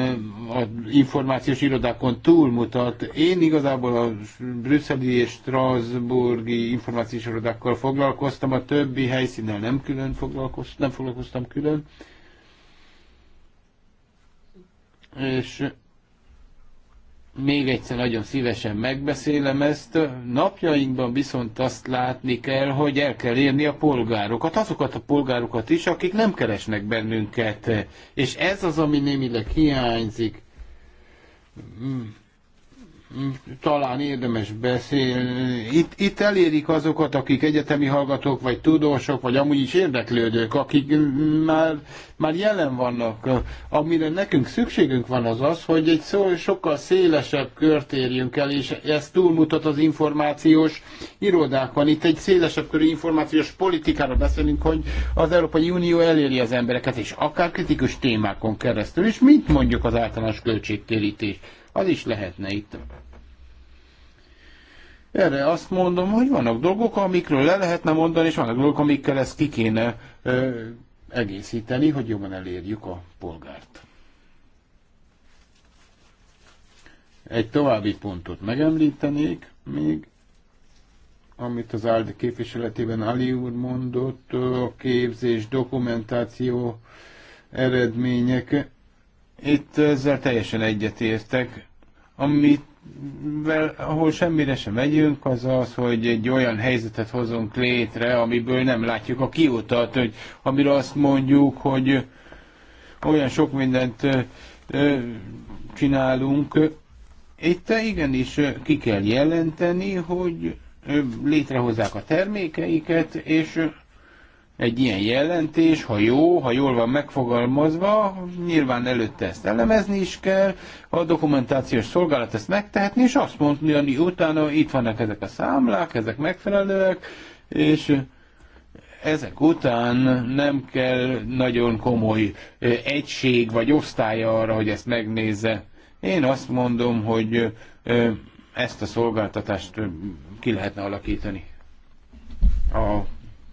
az információs irodákon túlmutat. Én igazából a brüsszeli és strasburgi információs irodákkal foglalkoztam, a többi helyszínnel nem külön foglalkoztam, nem foglalkoztam külön. És még egyszer nagyon szívesen megbeszélem ezt. Napjainkban viszont azt látni kell, hogy el kell érni a polgárokat, azokat a polgárokat is, akik nem keresnek bennünket. És ez az, ami némileg hiányzik. Hmm talán érdemes beszélni. Itt, itt elérik azokat, akik egyetemi hallgatók, vagy tudósok, vagy amúgy is érdeklődők, akik már, már jelen vannak. Amire nekünk szükségünk van az az, hogy egy szó, sokkal szélesebb kört érjünk el, és ez túlmutat az információs irodákon. Itt egy szélesebb körű információs politikára beszélünk, hogy az Európai Unió eléri az embereket, és akár kritikus témákon keresztül. És mit mondjuk az általános költségtérítés? Az is lehetne itt. Erre azt mondom, hogy vannak dolgok, amikről le lehetne mondani, és vannak dolgok, amikkel ezt ki kéne ö, egészíteni, hogy jobban elérjük a polgárt. Egy további pontot megemlítenék még, amit az Áldi képviseletében Ali úr mondott, a képzés, dokumentáció, eredmények. Itt ezzel teljesen egyetértek amit mivel ahol semmire sem megyünk, az az, hogy egy olyan helyzetet hozunk létre, amiből nem látjuk a kiutat, hogy amire azt mondjuk, hogy olyan sok mindent csinálunk. Itt igenis ki kell jelenteni, hogy létrehozzák a termékeiket, és egy ilyen jelentés, ha jó, ha jól van megfogalmazva, nyilván előtte ezt elemezni is kell, a dokumentációs szolgálat ezt megtehetni, és azt mondani utána, itt vannak ezek a számlák, ezek megfelelőek, és ezek után nem kell nagyon komoly egység vagy osztálya arra, hogy ezt megnézze. Én azt mondom, hogy ezt a szolgáltatást ki lehetne alakítani a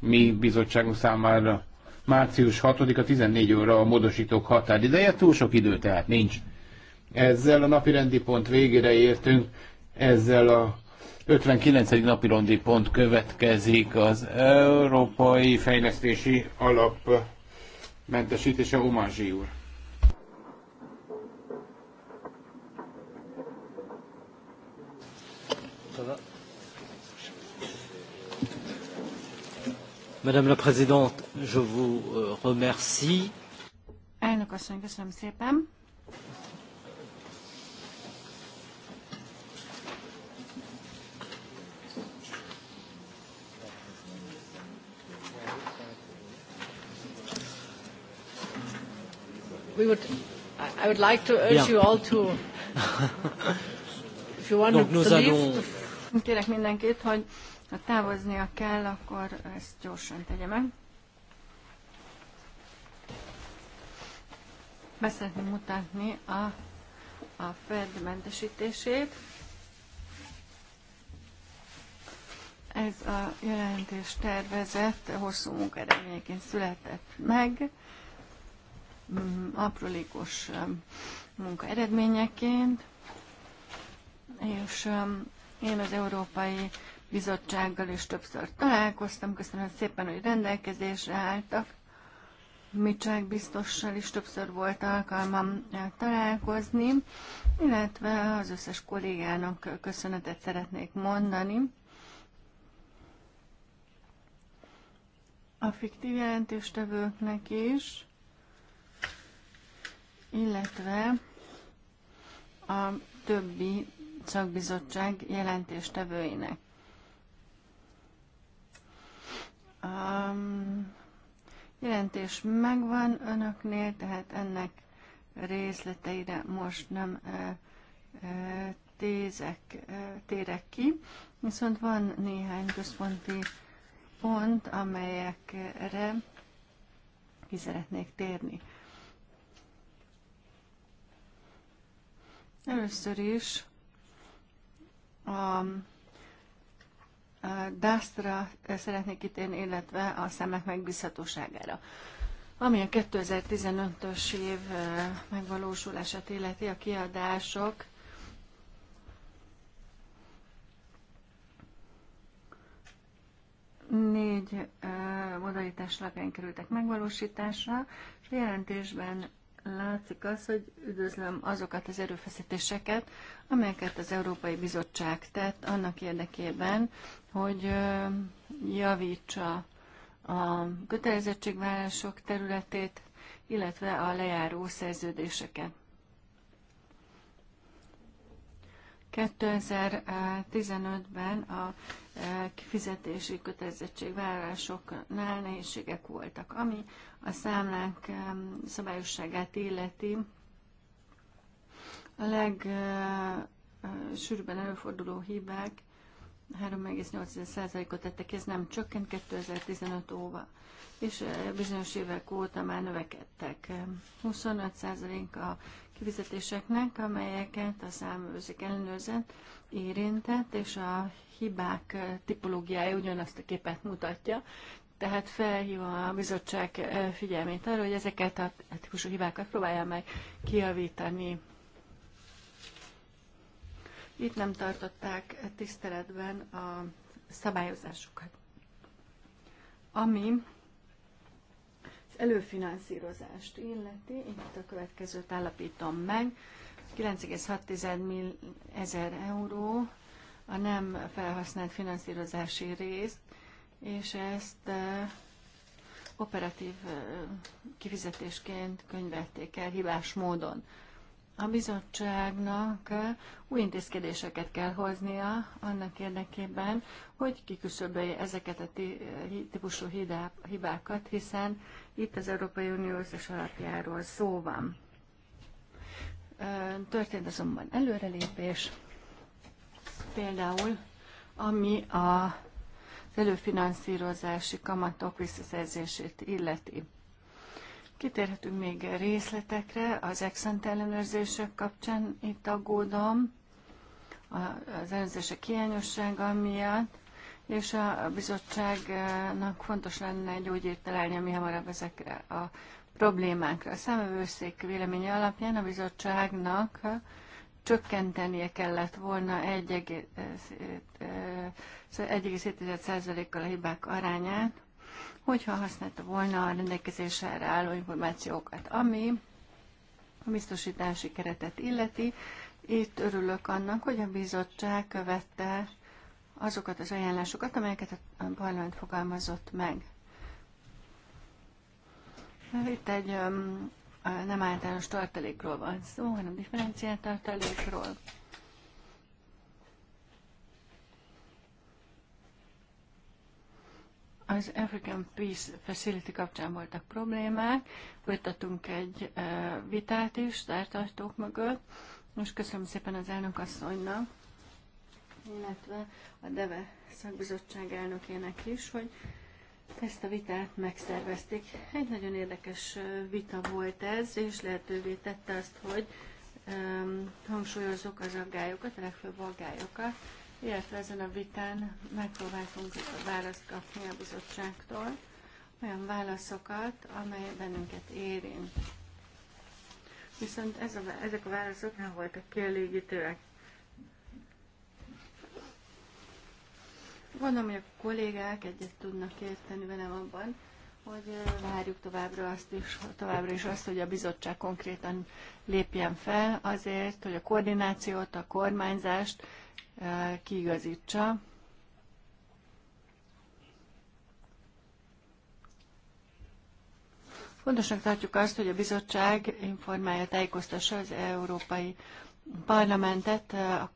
mi bizottságunk számára március 6-a 14 óra a módosítók határideje, túl sok idő tehát nincs. Ezzel a napirendi pont végére értünk, ezzel a 59. napirendi pont következik az Európai Fejlesztési Alap mentesítése Omázsi úr.
Madame la Présidente, je vous euh, remercie.
Elnök asszony, köszönöm szépen. We would, I would like to urge yeah. you all to, if you want Donc to leave, allons... kérek mindenkit, hogy ha távoznia kell, akkor ezt gyorsan tegye meg. Beszeretném mutatni a, a Fed mentesítését. Ez a jelentés tervezett hosszú munkaeredményeként született meg, mm, aprólékos mm, munkaeredményeként, és mm, én az Európai bizottsággal is többször találkoztam, köszönöm szépen, hogy rendelkezésre álltak. Micsák biztossal is többször volt alkalmam találkozni, illetve az összes kollégának köszönetet szeretnék mondani. A fiktív jelentéstevőknek is, illetve a többi szakbizottság jelentéstevőinek. jelentés megvan önöknél, tehát ennek részleteire most nem tézek, térek ki, viszont van néhány központi pont, amelyekre ki szeretnék térni. Először is a DASZ-ra szeretnék kitérni, illetve a szemek megbízhatóságára. Ami a 2015-ös év megvalósulását illeti, a kiadások négy modalitás alapján kerültek megvalósításra, és a jelentésben látszik az, hogy üdvözlöm azokat az erőfeszítéseket, amelyeket az Európai Bizottság tett annak érdekében, hogy javítsa a kötelezettségvállások területét, illetve a lejáró szerződéseket. 2015-ben a e, kifizetési kötelezettségvállalásoknál nehézségek voltak, ami a számlánk e, szabályosságát illeti. A legsűrűbben e, előforduló hibák 3,8%-ot tettek, ez nem csökkent 2015 óva, és eh, bizonyos évek óta már növekedtek. 25% a kifizetéseknek, amelyeket a számőzik ellenőrzet érintett, és a hibák eh, tipológiája ugyanazt a képet mutatja. Tehát felhívom a bizottság eh, figyelmét arra, hogy ezeket a típusú hibákat próbálja meg kiavítani. Itt nem tartották tiszteletben a szabályozásukat. Ami előfinanszírozást illeti, itt a következőt állapítom meg. 9,6 ezer euró a nem felhasznált finanszírozási részt, és ezt operatív kifizetésként könyvelték el hibás módon. A bizottságnak új intézkedéseket kell hoznia annak érdekében, hogy kiküszöbölje ezeket a típusú hibákat, hiszen itt az Európai Unió összes alapjáról szó van. Történt azonban előrelépés, például ami a az előfinanszírozási kamatok visszaszerzését illeti. Kitérhetünk még részletekre az exent ellenőrzések kapcsán. Itt aggódom az ellenőrzések hiányossága miatt és a bizottságnak fontos lenne egy úgy találni, ami hamarabb ezekre a problémákra. A számövőszék véleménye alapján a bizottságnak csökkentenie kellett volna 1,7%-kal eh, a hibák arányát, hogyha használta volna a rendelkezésre álló információkat, ami a biztosítási keretet illeti. Itt örülök annak, hogy a bizottság követte azokat az ajánlásokat, amelyeket a parlament fogalmazott meg. Itt egy um, nem általános tartalékról van szó, hanem differenciált tartalékról. Az African Peace Facility kapcsán voltak problémák, folytatunk egy vitát is zártartók mögött. Most köszönöm szépen az elnök asszonynak, illetve a DEVE szakbizottság elnökének is, hogy ezt a vitát megszervezték. Egy nagyon érdekes vita volt ez, és lehetővé tette azt, hogy um, hangsúlyozzuk az aggályokat, a legfőbb aggályokat, illetve ezen a vitán megpróbáltunk választ kapni a bizottságtól, olyan válaszokat, amely bennünket érint. Viszont ez a, ezek a válaszok nem voltak kielégítőek. Gondolom, hogy a kollégák egyet tudnak érteni velem abban, hogy várjuk továbbra, azt is, továbbra is azt, hogy a bizottság konkrétan lépjen fel azért, hogy a koordinációt, a kormányzást kiigazítsa. Fontosnak tartjuk azt, hogy a bizottság informálja, tájékoztassa az Európai Parlamentet a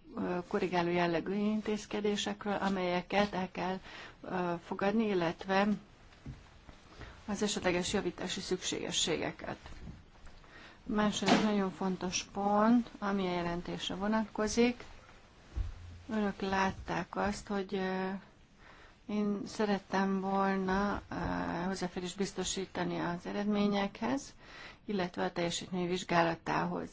korrigáló jellegű intézkedésekről, amelyeket el kell fogadni, illetve az esetleges javítási szükségességeket. második nagyon fontos pont, ami a jelentésre vonatkozik, önök látták azt, hogy én szerettem volna hozzáférés biztosítani az eredményekhez, illetve a teljesítmény vizsgálatához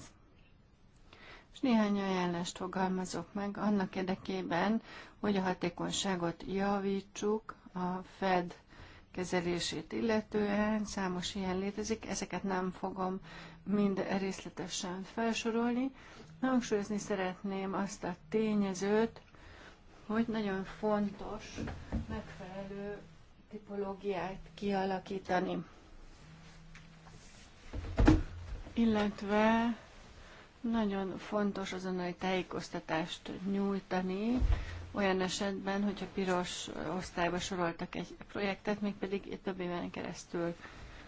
és néhány ajánlást fogalmazok meg annak érdekében, hogy a hatékonyságot javítsuk a Fed kezelését illetően, számos ilyen létezik, ezeket nem fogom mind részletesen felsorolni. Hangsúlyozni szeretném azt a tényezőt, hogy nagyon fontos megfelelő tipológiát kialakítani. Illetve nagyon fontos azonnali tájékoztatást nyújtani, olyan esetben, hogyha piros osztályba soroltak egy projektet, mégpedig több éven keresztül.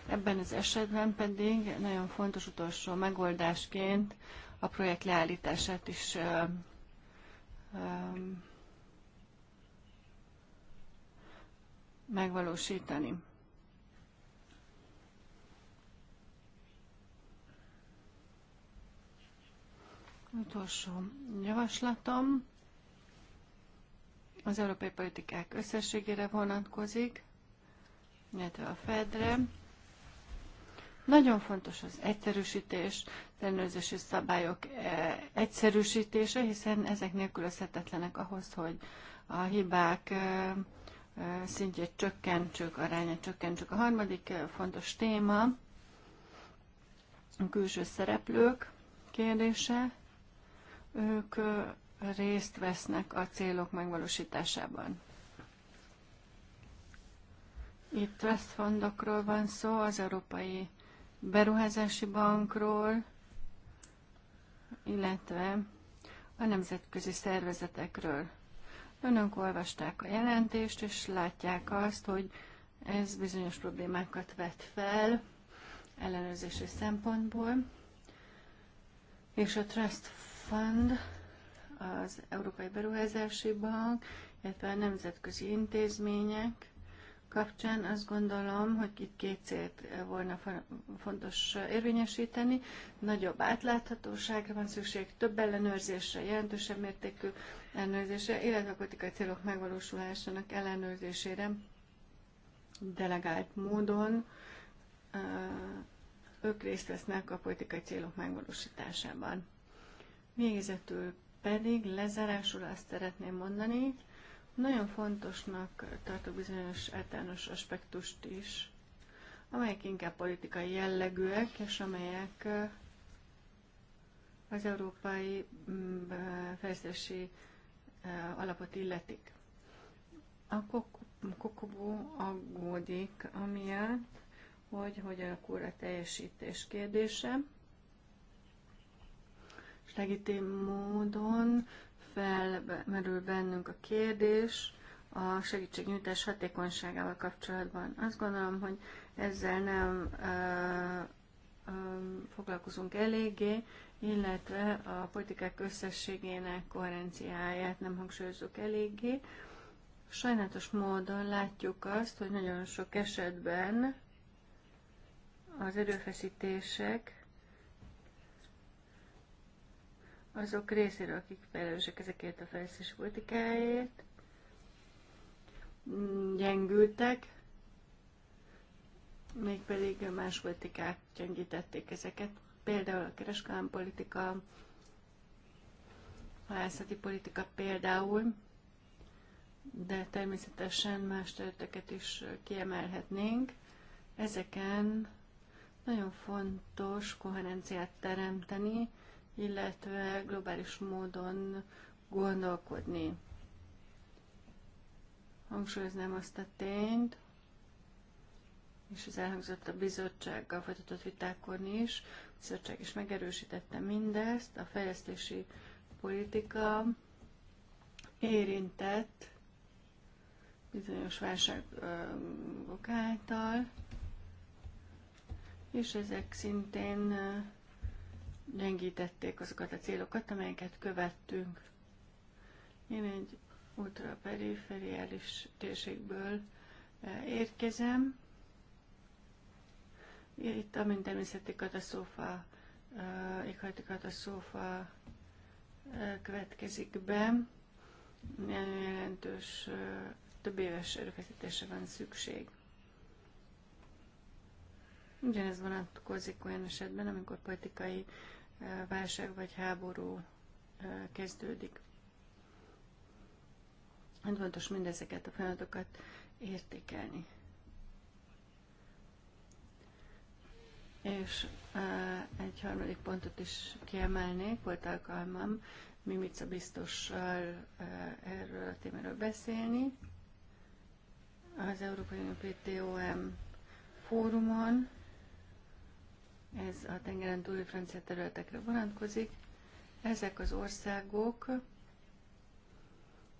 Ebben az esetben pedig nagyon fontos utolsó megoldásként a projekt leállítását is um, megvalósítani. Utolsó javaslatom az európai politikák összességére vonatkozik, illetve a Fedre. Nagyon fontos az egyszerűsítés, ellenőrzési szabályok e, egyszerűsítése, hiszen ezek nélkülözhetetlenek ahhoz, hogy a hibák e, e, szintjét csökkentsük, arányát csökkentsük. A harmadik fontos téma a külső szereplők kérdése. Ők részt vesznek a célok megvalósításában. Itt trust fundokról van szó, az Európai Beruházási Bankról, illetve a nemzetközi szervezetekről. Önök olvasták a jelentést, és látják azt, hogy ez bizonyos problémákat vet fel ellenőrzési szempontból, és a trust Fund, az Európai Beruházási Bank, illetve a nemzetközi intézmények kapcsán azt gondolom, hogy itt két célt volna fontos érvényesíteni. Nagyobb átláthatóságra van szükség, több ellenőrzésre, jelentősebb mértékű ellenőrzésre, illetve a politikai célok megvalósulásának ellenőrzésére delegált módon ők részt vesznek a politikai célok megvalósításában. Végezetül pedig lezárásul azt szeretném mondani, nagyon fontosnak tartok bizonyos általános aspektust is, amelyek inkább politikai jellegűek, és amelyek az európai mm, fejlesztési alapot illetik. A kokobó aggódik amiatt, hogy hogy alakul a teljesítés kérdése és legitim módon felmerül bennünk a kérdés a segítségnyújtás hatékonyságával kapcsolatban. Azt gondolom, hogy ezzel nem ö, ö, foglalkozunk eléggé, illetve a politikák összességének koherenciáját nem hangsúlyozzuk eléggé. Sajnálatos módon látjuk azt, hogy nagyon sok esetben az erőfeszítések azok részéről, akik felelősek ezekért a fejlesztési politikáért, mm, gyengültek, mégpedig más politikák gyengítették ezeket. Például a kereskedelmi politika, a halászati politika például, de természetesen más területeket is kiemelhetnénk. Ezeken nagyon fontos koherenciát teremteni, illetve globális módon gondolkodni. Hangsúlyoznám azt a tényt, és ez elhangzott a bizottsággal folytatott vitákon is, a bizottság is megerősítette mindezt, a fejlesztési politika érintett bizonyos válságok által, és ezek szintén gyengítették azokat a célokat, amelyeket követtünk. Én egy ultraperiferiális térségből eh, érkezem. Itt, amint természeti katasztrófa, eh, éghajti katasztrófa eh, következik be, nagyon jelentős több éves erőfeszítésre van szükség. Ugyanez vonatkozik olyan esetben, amikor politikai válság vagy háború kezdődik. Nagyon fontos mindezeket a feladatokat értékelni. És egy harmadik pontot is kiemelnék, volt alkalmam Mimica biztossal erről a témáról beszélni. Az Európai Unió PTOM fórumon ez a tengeren túli francia területekre vonatkozik. Ezek az országok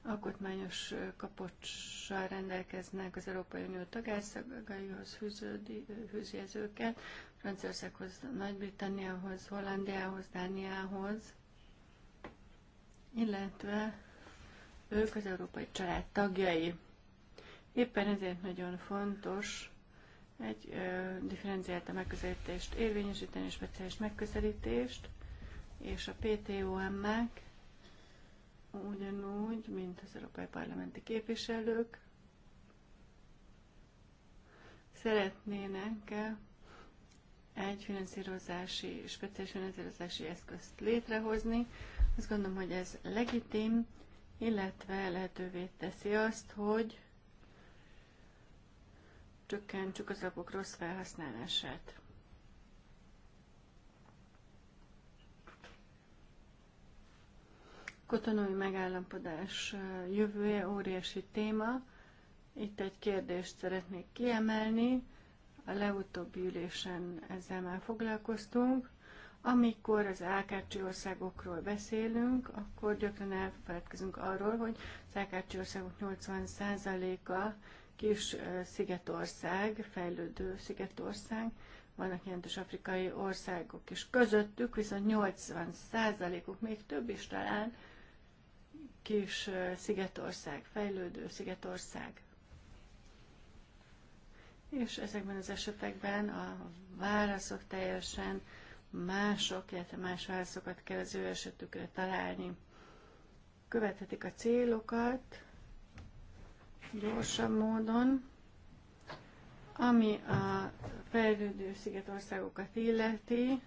alkotmányos kapocsal rendelkeznek az Európai Unió tagállamaihoz fűzi ez Franciaországhoz, Nagy-Britanniához, Hollandiához, Dániához, illetve ők az európai család tagjai. Éppen ezért nagyon fontos egy ö, differenciálta megközelítést érvényesíteni, speciális megközelítést, és a PTOM-ek ugyanúgy, mint az Európai Parlamenti képviselők, szeretnének egy finanszírozási, speciális finanszírozási eszközt létrehozni. Azt gondolom, hogy ez legitim, illetve lehetővé teszi azt, hogy csökkentsük az lapok rossz felhasználását. Kotonói megállapodás jövője óriási téma. Itt egy kérdést szeretnék kiemelni. A legutóbbi ülésen ezzel már foglalkoztunk. Amikor az AKC országokról beszélünk, akkor gyakran elfeledkezünk arról, hogy az AKC országok 80%-a kis szigetország, fejlődő szigetország, vannak jelentős afrikai országok is közöttük, viszont 80 százalékuk, még több is talán, kis szigetország, fejlődő szigetország. És ezekben az esetekben a válaszok teljesen mások, illetve más válaszokat kell az ő esetükre találni. Követhetik a célokat, gyorsabb módon. Ami a fejlődő szigetországokat illeti,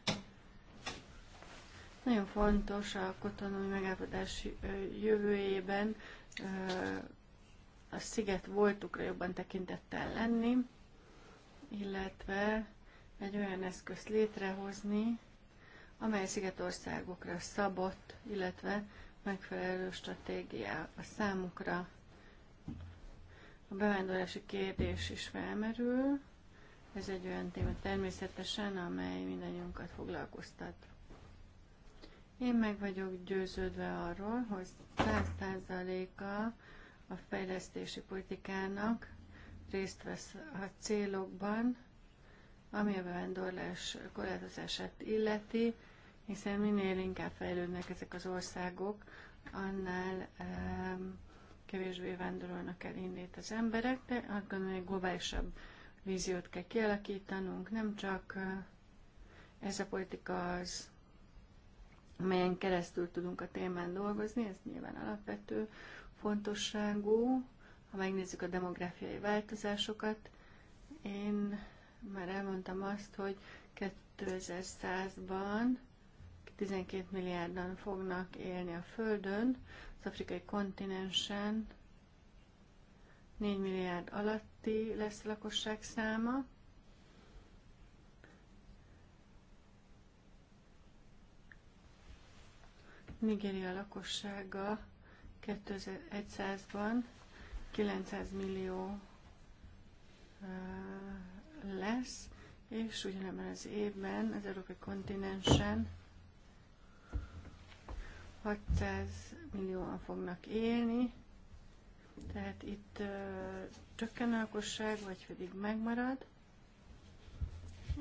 nagyon fontos a kotonói megállapodás jövőjében a sziget voltukra jobban tekintettel lenni, illetve egy olyan eszközt létrehozni, amely szigetországokra szabott, illetve megfelelő stratégia a számukra a bevándorlási kérdés is felmerül. Ez egy olyan téma természetesen, amely mindannyiunkat foglalkoztat. Én meg vagyok győződve arról, hogy 100%-a a fejlesztési politikának részt vesz a célokban, ami a bevándorlás korlátozását illeti, hiszen minél inkább fejlődnek ezek az országok, annál um, kevésbé vándorolnak el innét az emberek, de azt gondolom, hogy globálisabb víziót kell kialakítanunk, nem csak eh, ez a politika az, amelyen keresztül tudunk a témán dolgozni, ez nyilván alapvető fontosságú, ha megnézzük a demográfiai változásokat. Én már elmondtam azt, hogy 2100-ban 12 milliárdan fognak élni a Földön, az afrikai kontinensen 4 milliárd alatti lesz a lakosság száma. Nigéria lakossága 2100-ban 900 millió lesz, és ugyanebben az évben az európai kontinensen 600 millióan fognak élni, tehát itt ö, csökken a lakosság, vagy pedig megmarad.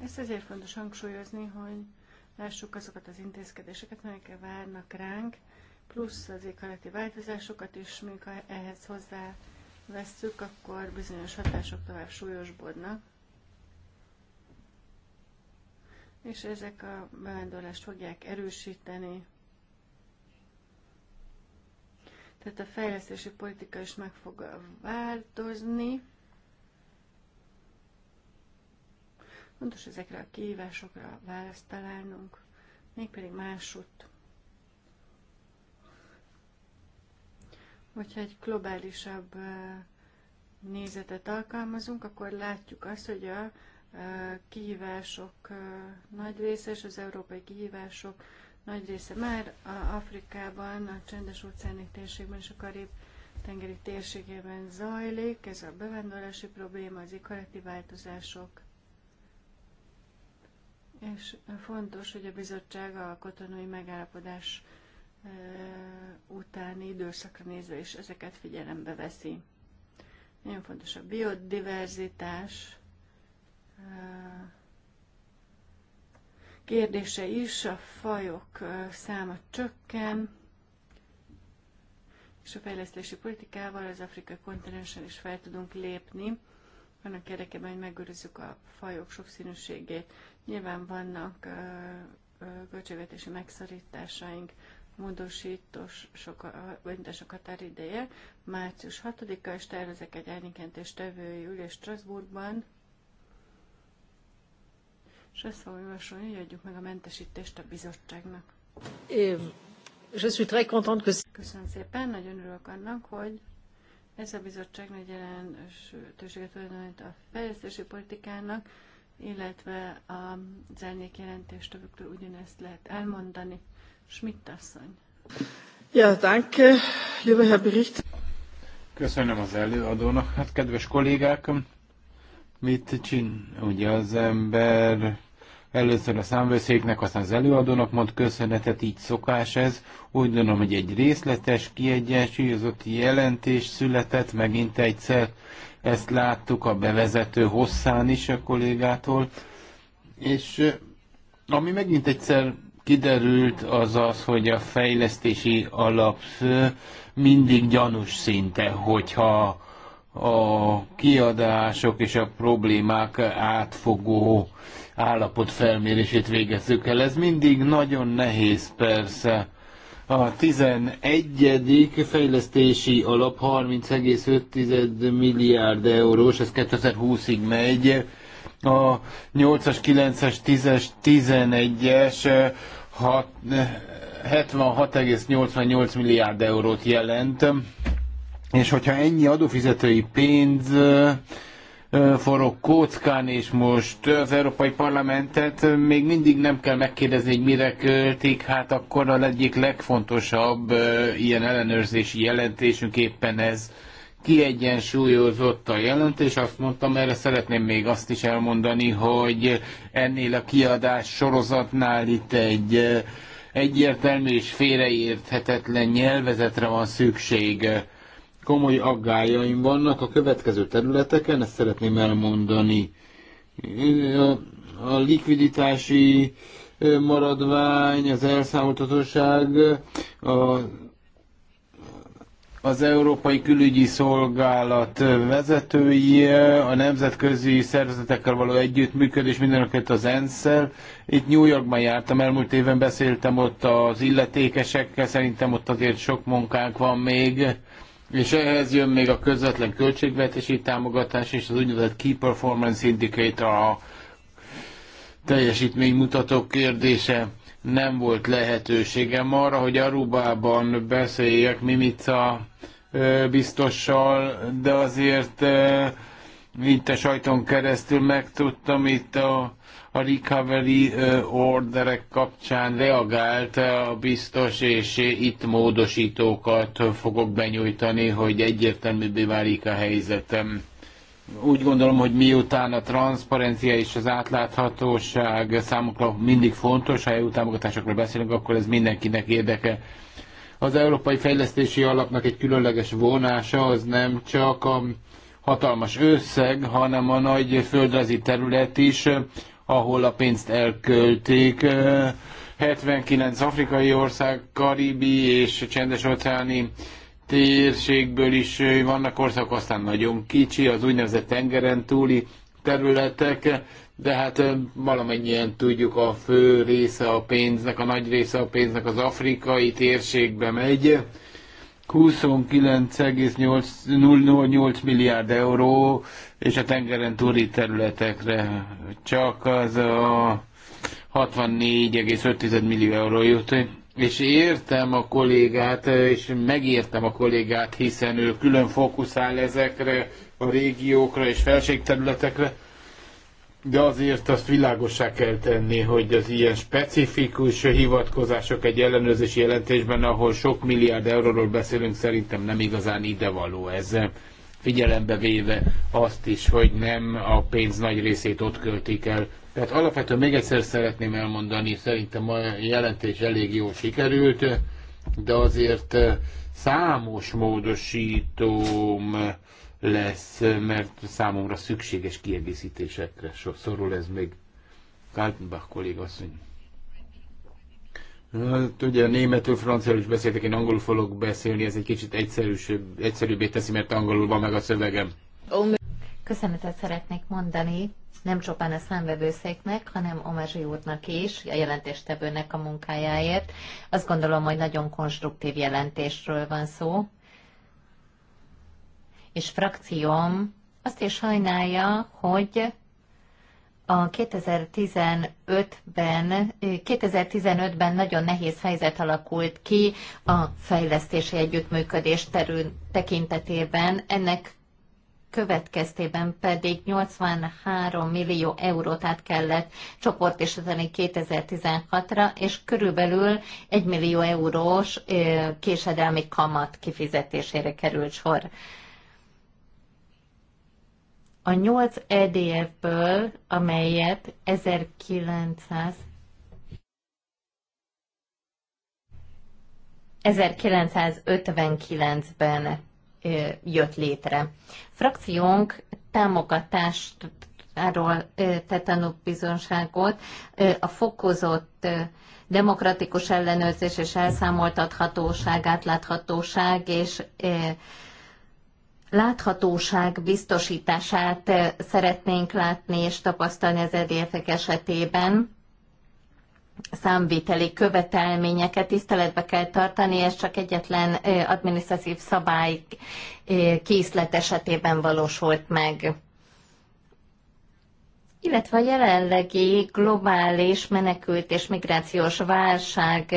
Ezt azért fontos hangsúlyozni, hogy lássuk azokat az intézkedéseket, melyekre várnak ránk, plusz az éghajlati változásokat is, még ha ehhez hozzá vesszük, akkor bizonyos hatások tovább súlyosbodnak. És ezek a bevándorlást fogják erősíteni. Tehát a fejlesztési politika is meg fog változni. Fontos ezekre a kihívásokra választ találnunk, mégpedig másutt. Hogyha egy globálisabb nézetet alkalmazunk, akkor látjuk azt, hogy a kihívások nagy része és az európai kihívások nagy része már a Afrikában, a csendes óceáni térségben és a karib tengeri térségében zajlik. Ez a bevándorlási probléma, az ikarati változások. És fontos, hogy a bizottság a katonai megállapodás e, utáni időszakra nézve is ezeket figyelembe veszi. Nagyon fontos a biodiverzitás, e, kérdése is, a fajok száma csökken, és a fejlesztési politikával az afrikai kontinensen is fel tudunk lépni, annak érdekében, hogy megőrizzük a fajok sokszínűségét. Nyilván vannak költségvetési megszorításaink, módosítós sok, sokat határideje. Március 6-a, és tervezek egy árnyékentés tevői ülés Strasbourgban, és azt hogy adjuk meg a mentesítést a bizottságnak. É, je suis très contente que... Köszönöm szépen, nagyon örülök annak, hogy ez a bizottság nagy jelentőséget tulajdonít a fejlesztési politikának, illetve az árnyék jelentéstevőkről ugyanezt lehet elmondani. Schmidt asszony. Ja, danke, lieber Herr Bericht.
Köszönöm az előadónak. Hát, kedves kollégák, mit csin? Ugye az ember először a számvőszéknek, aztán az előadónak mond köszönetet, így szokás ez. Úgy gondolom, hogy egy részletes, kiegyensúlyozott jelentés született megint egyszer. Ezt láttuk a bevezető hosszán is a kollégától. És eh, ami megint egyszer kiderült, az az, hogy a fejlesztési alap eh, mindig gyanús szinte, hogyha a kiadások és a problémák átfogó állapot felmérését végezzük el. Ez mindig nagyon nehéz persze. A 11. fejlesztési alap 30,5 milliárd eurós, ez 2020-ig megy. A 8-as, 9-es, 10-es, 11-es 76,88 milliárd eurót jelent és hogyha ennyi adófizetői pénz forog kockán, és most az Európai Parlamentet még mindig nem kell megkérdezni, hogy mire költik, hát akkor a egyik legfontosabb ilyen ellenőrzési jelentésünk éppen ez kiegyensúlyozott a jelentés. Azt mondtam, erre szeretném még azt is elmondani, hogy ennél a kiadás sorozatnál itt egy egyértelmű és félreérthetetlen nyelvezetre van szükség komoly aggájaim vannak a következő területeken, ezt szeretném elmondani. A, a likviditási maradvány, az elszámoltatóság, a, az Európai Külügyi Szolgálat vezetői, a nemzetközi szervezetekkel való együttműködés, mindeneket az ensz -el. Itt New Yorkban jártam, elmúlt éven beszéltem ott az illetékesekkel, szerintem ott azért sok munkánk van még. És ehhez jön még a közvetlen költségvetési támogatás és az úgynevezett Key Performance Indicator, a teljesítménymutató kérdése. Nem volt lehetőségem arra, hogy Arubában beszéljek Mimica biztossal, de azért mint a sajton keresztül megtudtam, itt a, a recovery orderek kapcsán reagált a biztos, és itt módosítókat fogok benyújtani, hogy egyértelműbbé válik a helyzetem. Úgy gondolom, hogy miután a transzparencia és az átláthatóság számukra mindig fontos, ha EU támogatásokról beszélünk, akkor ez mindenkinek érdeke az Európai Fejlesztési Alapnak egy különleges vonása az nem csak a hatalmas összeg, hanem a nagy földrajzi terület is, ahol a pénzt elkölték. 79 afrikai ország, karibi és csendes-óceáni térségből is vannak országok, aztán nagyon kicsi, az úgynevezett tengeren túli területek, de hát valamennyien tudjuk, a fő része a pénznek, a nagy része a pénznek az afrikai térségbe megy, 29,008 milliárd euró, és a tengeren túli területekre csak az a 64,5 millió euró jut. És értem a kollégát, és megértem a kollégát, hiszen ő külön fókuszál ezekre a régiókra és felségterületekre, de azért azt világosá kell tenni, hogy az ilyen specifikus hivatkozások egy ellenőrzési jelentésben, ahol sok milliárd euróról beszélünk, szerintem nem igazán idevaló ez. Figyelembe véve azt is, hogy nem a pénz nagy részét ott költik el. Tehát alapvetően még egyszer szeretném elmondani, szerintem a jelentés elég jól sikerült, de azért eh, számos módosítóm lesz, mert számomra szükséges kiegészítésekre szorul ez még. Kaltenbach kolléga asszony. Hát ugye németül, franciául is beszéltek, én angolul fogok beszélni, ez egy kicsit egyszerűsebb, egyszerűbbé teszi, mert angolul van meg a szövegem.
Köszönetet szeretnék mondani nem csupán a számvevőszéknek, hanem Omazsi úrnak is, a jelentéstevőnek a munkájáért. Azt gondolom, hogy nagyon konstruktív jelentésről van szó, és frakcióm azt is sajnálja, hogy a 2015-ben, 2015-ben nagyon nehéz helyzet alakult ki a fejlesztési együttműködés terül tekintetében. Ennek következtében pedig 83 millió eurót át kellett csoportosítani 2016-ra, és körülbelül 1 millió eurós késedelmi kamat kifizetésére került sor. A 8 EDF-ből, amelyet 1900 1959-ben jött létre. Frakciónk támogatásáról tett tanúbizonságot a fokozott demokratikus ellenőrzés és elszámoltathatóság, átláthatóság és láthatóság biztosítását eh, szeretnénk látni és tapasztalni az EDF-ek esetében. Számviteli követelményeket tiszteletbe kell tartani, ez csak egyetlen eh, adminisztratív szabály eh, készlet esetében valósult meg illetve a jelenlegi globális menekült és migrációs válság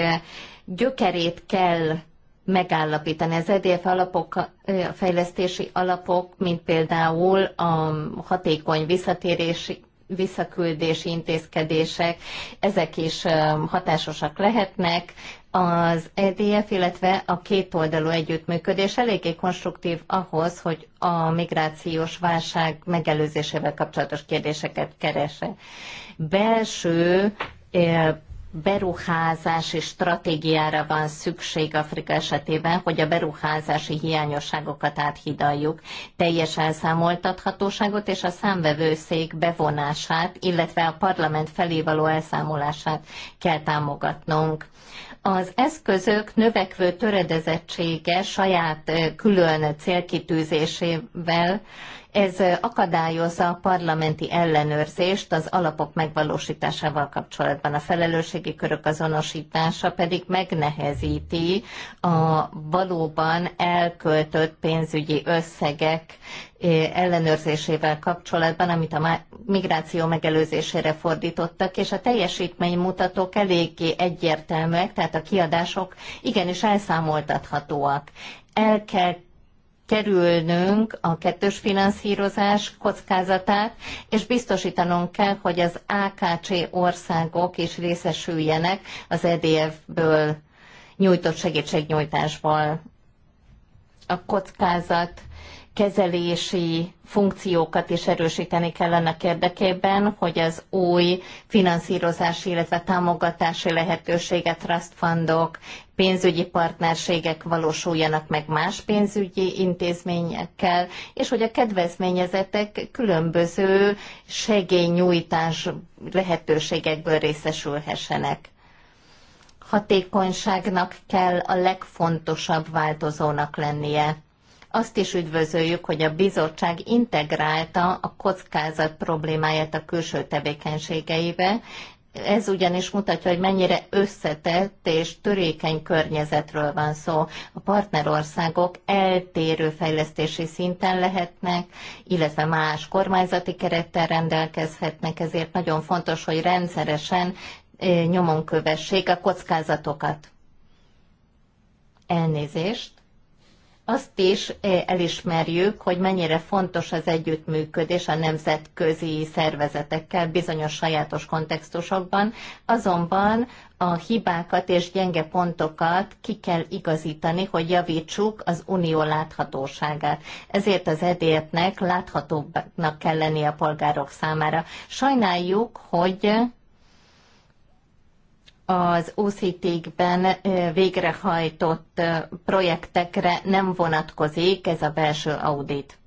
gyökerét kell megállapítani. Az EDF alapok, a fejlesztési alapok, mint például a hatékony visszatérési visszaküldési intézkedések, ezek is hatásosak lehetnek. Az EDF, illetve a kétoldalú együttműködés eléggé konstruktív ahhoz, hogy a migrációs válság megelőzésével kapcsolatos kérdéseket keresse. Belső beruházási stratégiára van szükség Afrika esetében, hogy a beruházási hiányosságokat áthidaljuk, teljes elszámoltathatóságot és a számvevőszék bevonását, illetve a parlament felé való elszámolását kell támogatnunk az eszközök növekvő töredezettsége saját külön célkitűzésével ez akadályozza a parlamenti ellenőrzést az alapok megvalósításával kapcsolatban. A felelősségi körök azonosítása pedig megnehezíti a valóban elköltött pénzügyi összegek eh, ellenőrzésével kapcsolatban, amit a migráció megelőzésére fordítottak, és a teljesítménymutatók eléggé egyértelműek, tehát a kiadások igenis elszámoltathatóak. El kell kerülnünk a kettős finanszírozás kockázatát, és biztosítanunk kell, hogy az AKC országok is részesüljenek az EDF-ből nyújtott segítségnyújtásból. A kockázat kezelési funkciókat is erősíteni kell annak érdekében, hogy az új finanszírozási, illetve támogatási lehetőséget trust fundok pénzügyi partnerségek valósuljanak meg más pénzügyi intézményekkel, és hogy a kedvezményezetek különböző segélynyújtás lehetőségekből részesülhessenek. Hatékonyságnak kell a legfontosabb változónak lennie. Azt is üdvözöljük, hogy a bizottság integrálta a kockázat problémáját a külső tevékenységeibe, ez ugyanis mutatja, hogy mennyire összetett és törékeny környezetről van szó. A partnerországok eltérő fejlesztési szinten lehetnek, illetve más kormányzati kerettel rendelkezhetnek, ezért nagyon fontos, hogy rendszeresen eh, nyomon kövessék a kockázatokat. Elnézést azt is eh, elismerjük, hogy mennyire fontos az együttműködés a nemzetközi szervezetekkel bizonyos sajátos kontextusokban, azonban a hibákat és gyenge pontokat ki kell igazítani, hogy javítsuk az unió láthatóságát. Ezért az edértnek láthatóbbnak kell lennie a polgárok számára. Sajnáljuk, hogy az OCT-kben végrehajtott projektekre nem vonatkozik ez a belső audit.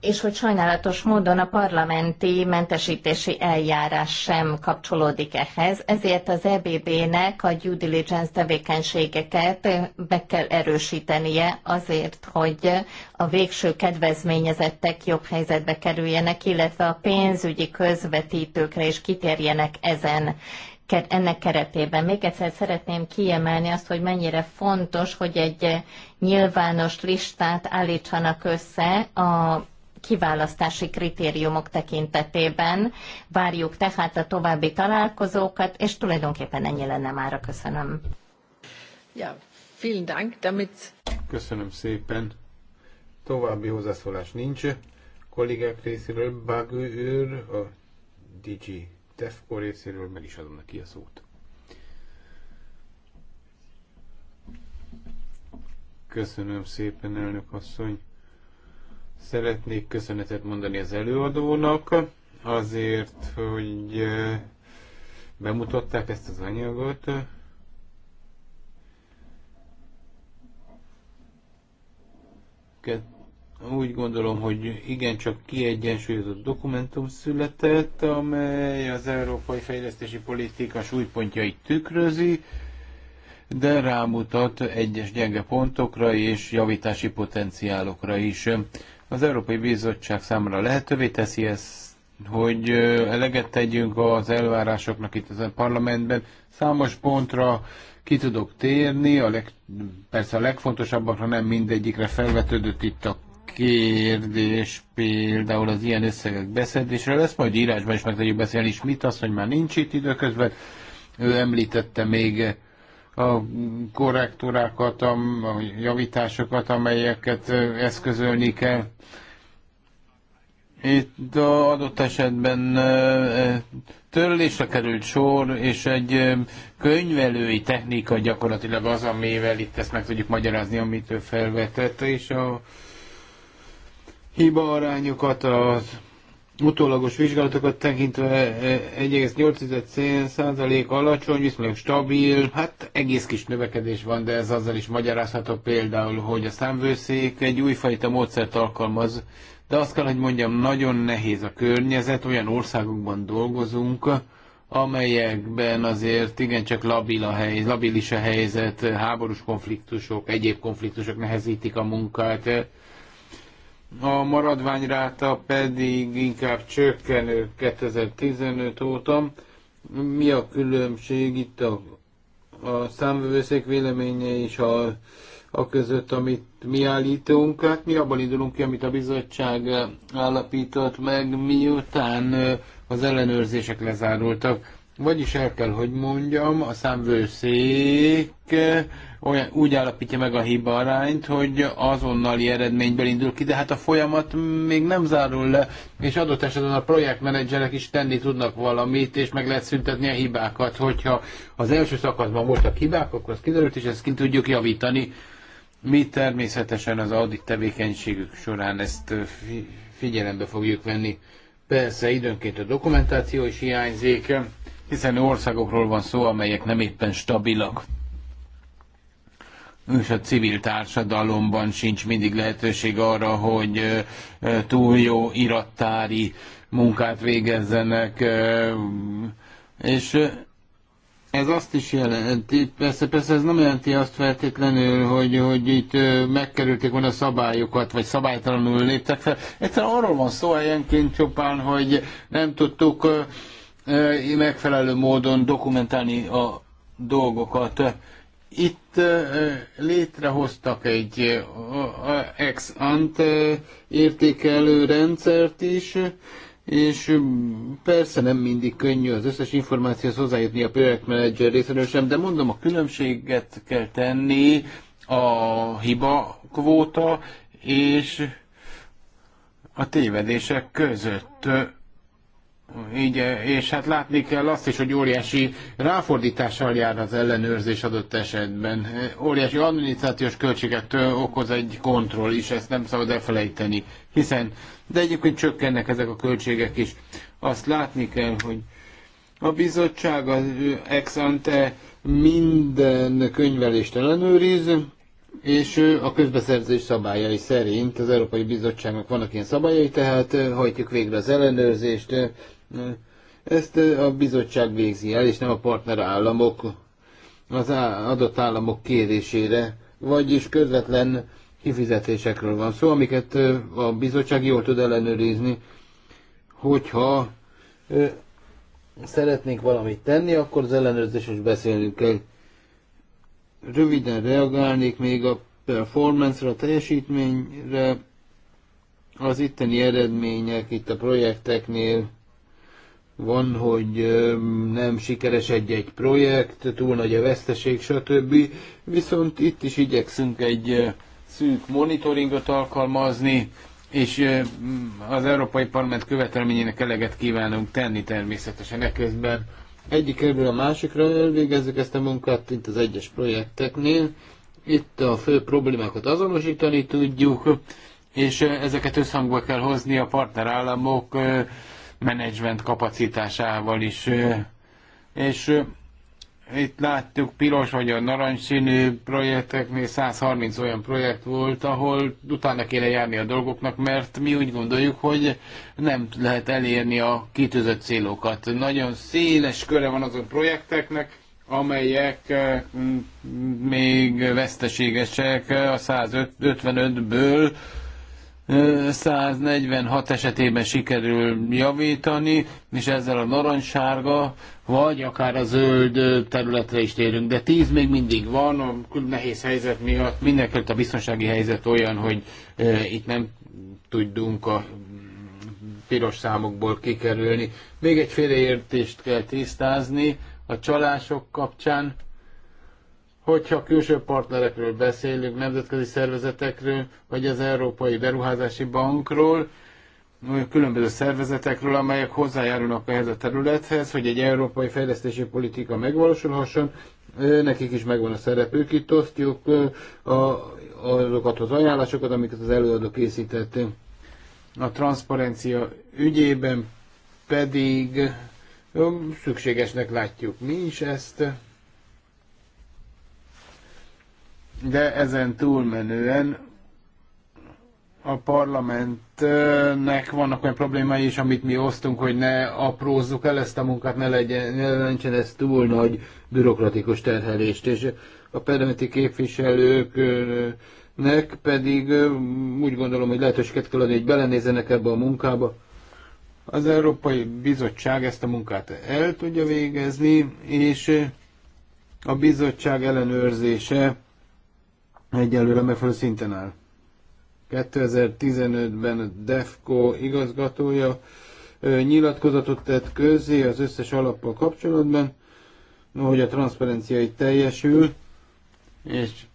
és hogy sajnálatos módon a parlamenti mentesítési eljárás sem kapcsolódik ehhez, ezért az EBB-nek a due diligence tevékenységeket meg kell erősítenie azért, hogy a végső kedvezményezettek jobb helyzetbe kerüljenek, illetve a pénzügyi közvetítőkre is kitérjenek ezen ennek keretében. Még egyszer szeretném kiemelni azt, hogy mennyire fontos, hogy egy nyilvános listát állítsanak össze a kiválasztási kritériumok tekintetében. Várjuk tehát a további találkozókat, és tulajdonképpen ennyi lenne már. a Köszönöm.
Ja, vielen Dank, damit...
Köszönöm szépen. További hozzászólás nincs. Kollégák részéről Bagő őr, a DG Tefko részéről meg is adom neki a szót. Köszönöm szépen, elnök asszony. Szeretnék köszönetet mondani az előadónak azért, hogy eh, bemutatták ezt az anyagot. Úgy gondolom, hogy igencsak kiegyensúlyozott dokumentum született, amely az európai fejlesztési politika súlypontjait tükrözi, de rámutat egyes gyenge pontokra és javítási potenciálokra is. Az Európai Bizottság számára lehetővé teszi ezt, hogy eleget tegyünk az elvárásoknak itt az a parlamentben. Számos pontra ki tudok térni, a leg, persze a legfontosabbakra nem mindegyikre felvetődött itt a kérdés, például az ilyen összegek beszedésre, lesz majd írásban is meg tudjuk beszélni, és mit az, hogy már nincs itt időközben. Ő említette még a korrektúrákat, a javításokat, amelyeket eszközölni kell. Itt adott esetben törlésre került sor, és egy könyvelői technika gyakorlatilag az, amivel itt ezt meg tudjuk magyarázni, amit ő felvetett, és a hiba arányokat, az utólagos vizsgálatokat tekintve 1,8% e, e, alacsony, viszonylag stabil, hát egész kis növekedés van, de ez azzal is magyarázható például, hogy a számvőszék egy újfajta módszert alkalmaz, de azt kell, hogy mondjam, nagyon nehéz a környezet, olyan országokban dolgozunk, amelyekben azért igencsak labil a helyzet, labilis a helyzet, háborús konfliktusok, egyéb konfliktusok nehezítik a munkát, a maradványráta pedig inkább csökkenő 2015 óta. Mi a különbség itt a, a számvevőszék véleménye és a, a között, amit mi állítunk? Hát mi abban indulunk ki, amit a bizottság állapított meg, miután az ellenőrzések lezárultak. Vagyis el kell, hogy mondjam, a számvőszék eh, olyan, úgy állapítja meg a hiba arányt, hogy azonnali eredményből indul ki, de hát a folyamat még nem zárul le, és adott esetben a projektmenedzserek is tenni tudnak valamit, és meg lehet szüntetni a hibákat, hogyha az első szakaszban voltak hibák, akkor az kiderült, és ezt ki tudjuk javítani. Mi természetesen az audit tevékenységük során ezt eh, figyelembe fogjuk venni. Persze időnként a dokumentáció is hiányzik, hiszen országokról van szó, amelyek nem éppen stabilak és a civil társadalomban sincs mindig lehetőség arra, hogy túl jó irattári munkát végezzenek, és ez azt is jelenti, persze, persze ez nem jelenti azt feltétlenül, hogy, hogy itt megkerülték volna a szabályokat, vagy szabálytalanul léptek fel. Egyszerűen arról van szó helyenként csupán, hogy nem tudtuk megfelelő módon dokumentálni a dolgokat. Itt létrehoztak egy ex ante értékelő rendszert is, és persze nem mindig könnyű az összes információhoz hozzájutni a projektmenedzser részéről sem, de mondom, a különbséget kell tenni a hiba kvóta és a tévedések között így, és hát látni kell azt is, hogy óriási ráfordítással jár az ellenőrzés adott esetben. Óriási adminisztrációs költséget okoz egy kontroll is, ezt nem szabad elfelejteni, hiszen, de egyébként csökkennek ezek a költségek is. Azt látni kell, hogy a bizottság az ex ante minden könyvelést ellenőriz, és a közbeszerzés szabályai szerint az Európai Bizottságnak vannak ilyen szabályai, tehát hajtjuk végre az ellenőrzést, ezt a bizottság végzi el, és nem a partner államok az adott államok kérésére, vagyis közvetlen kifizetésekről van szó, amiket a bizottság jól tud ellenőrizni, hogyha szeretnénk valamit tenni, akkor az ellenőrzésről is kell. Röviden reagálnék még a performance-ra, a teljesítményre, az itteni eredmények itt a projekteknél van, hogy nem sikeres egy-egy projekt, túl nagy a veszteség, stb. Viszont itt is igyekszünk egy szűk monitoringot alkalmazni, és az Európai Parlament követelményének eleget kívánunk tenni természetesen eközben. Egyik erről a másikra elvégezzük ezt a munkát, mint az egyes projekteknél. Itt a fő problémákat azonosítani tudjuk, és ezeket összhangba kell hozni a partnerállamok menedzsment kapacitásával is. És itt láttuk piros vagy a narancsszínű projekteknél 130 olyan projekt volt, ahol utána kéne járni a dolgoknak, mert mi úgy gondoljuk, hogy nem lehet elérni a kitűzött célokat. Nagyon széles köre van azon projekteknek, amelyek még veszteségesek a 155-ből 146 esetében sikerül javítani, és ezzel a narancssárga, vagy akár a zöld területre is térünk. De 10 még mindig van, a nehéz helyzet miatt mindenkelőtt a biztonsági helyzet olyan, hogy e, itt nem tudunk a piros számokból kikerülni. Még egy félreértést kell tisztázni a csalások kapcsán. Hogyha külső partnerekről beszélünk, nemzetközi szervezetekről, vagy az Európai Beruházási Bankról, különböző szervezetekről, amelyek hozzájárulnak ehhez a területhez, hogy egy európai fejlesztési politika megvalósulhasson, nekik is megvan a szerepük. Itt osztjuk azokat az ajánlásokat, amiket az előadó készített. A transzparencia ügyében pedig szükségesnek látjuk mi is ezt. de ezen túlmenően a parlamentnek vannak olyan problémái is, amit mi osztunk, hogy ne aprózzuk el ezt a munkát, ne legyen, ne legyen ez túl nagy bürokratikus terhelést. És a parlamenti képviselőknek pedig úgy gondolom, hogy lehetőséget kell adni, hogy belenézenek ebbe a munkába. Az Európai Bizottság ezt a munkát el tudja végezni, és a bizottság ellenőrzése egyelőre megfelelő szinten áll. 2015-ben a DEFCO igazgatója nyilatkozatot tett közzé az összes alappal kapcsolatban, hogy a transzparencia itt teljesül, és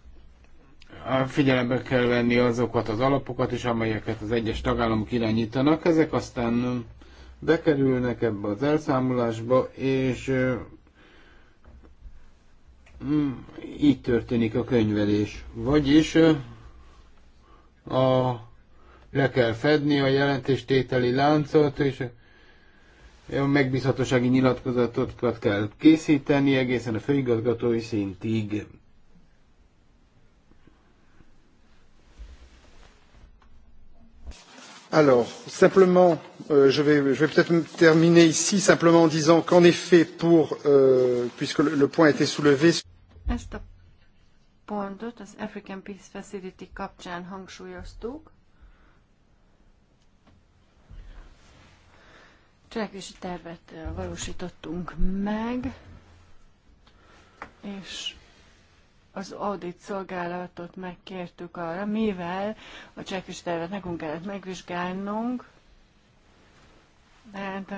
figyelembe kell venni azokat az alapokat is, amelyeket az egyes tagállamok irányítanak. Ezek aztán bekerülnek ebbe az elszámolásba, és Mm, így történik a könyvelés. Vagyis a, le kell fedni a jelentéstételi láncot, és a megbízhatósági nyilatkozatokat kell készíteni egészen a főigazgatói szintig. Alors, simplement, euh, je vais, je vais peut-être terminer ici simplement en disant qu'en effet, pour, euh, puisque le, le point a été soulevé,
ezt a pontot az African Peace Facility kapcsán hangsúlyoztuk. Cselekvési tervet valósítottunk meg, és az audit szolgálatot megkértük arra, mivel a cselekvési tervet nekünk kellett megvizsgálnunk, tehát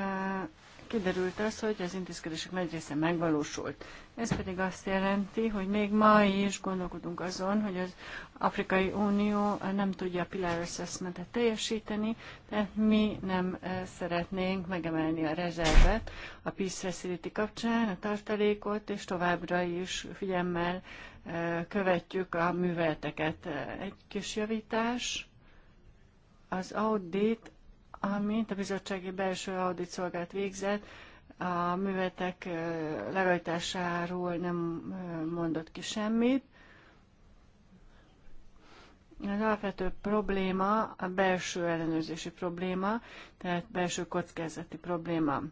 kiderült az, hogy az intézkedések nagy része megvalósult. Ez pedig azt jelenti, hogy még ma is gondolkodunk azon, hogy az Afrikai Unió nem tudja a Pillar assessment teljesíteni, tehát mi nem eh, szeretnénk megemelni a rezervet a Peace Facility kapcsán, a tartalékot, és továbbra is figyelmmel eh, követjük a műveleteket. Eh, egy kis javítás, az audit amit a bizottsági belső audit szolgált végzett, a művetek legajtásáról nem mondott ki semmit. Az alapvető probléma a belső ellenőrzési probléma, tehát belső kockázati probléma.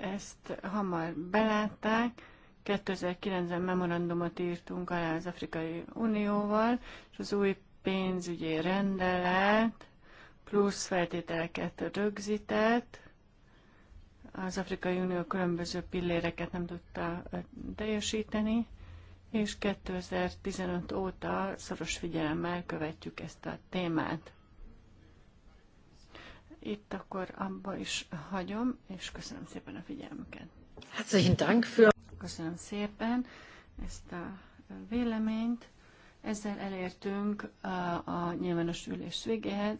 Ezt hamar belátták, 2009-ben memorandumot írtunk alá az Afrikai Unióval, és az új pénzügyi rendelet plusz feltételeket rögzített, az Afrikai Unió különböző pilléreket nem tudta teljesíteni, és 2015 óta szoros figyelemmel követjük ezt a témát. Itt akkor abba is hagyom, és köszönöm szépen a figyelmüket. Herzlichen Dank für... Köszönöm szépen ezt a véleményt. Ezzel elértünk a, a nyilvános ülés végéhez.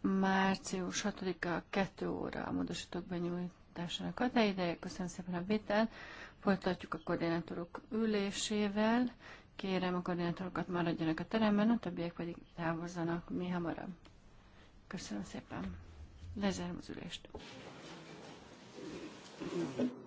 Március 6-a 2 óra a módosítók benyújtásának határideje. Köszönöm szépen a vitát. Folytatjuk a koordinátorok ülésével. Kérem a koordinátorokat maradjanak a teremben, a többiek pedig távozzanak mi hamarabb. Köszönöm szépen. Lezárom az ülést. Thank you.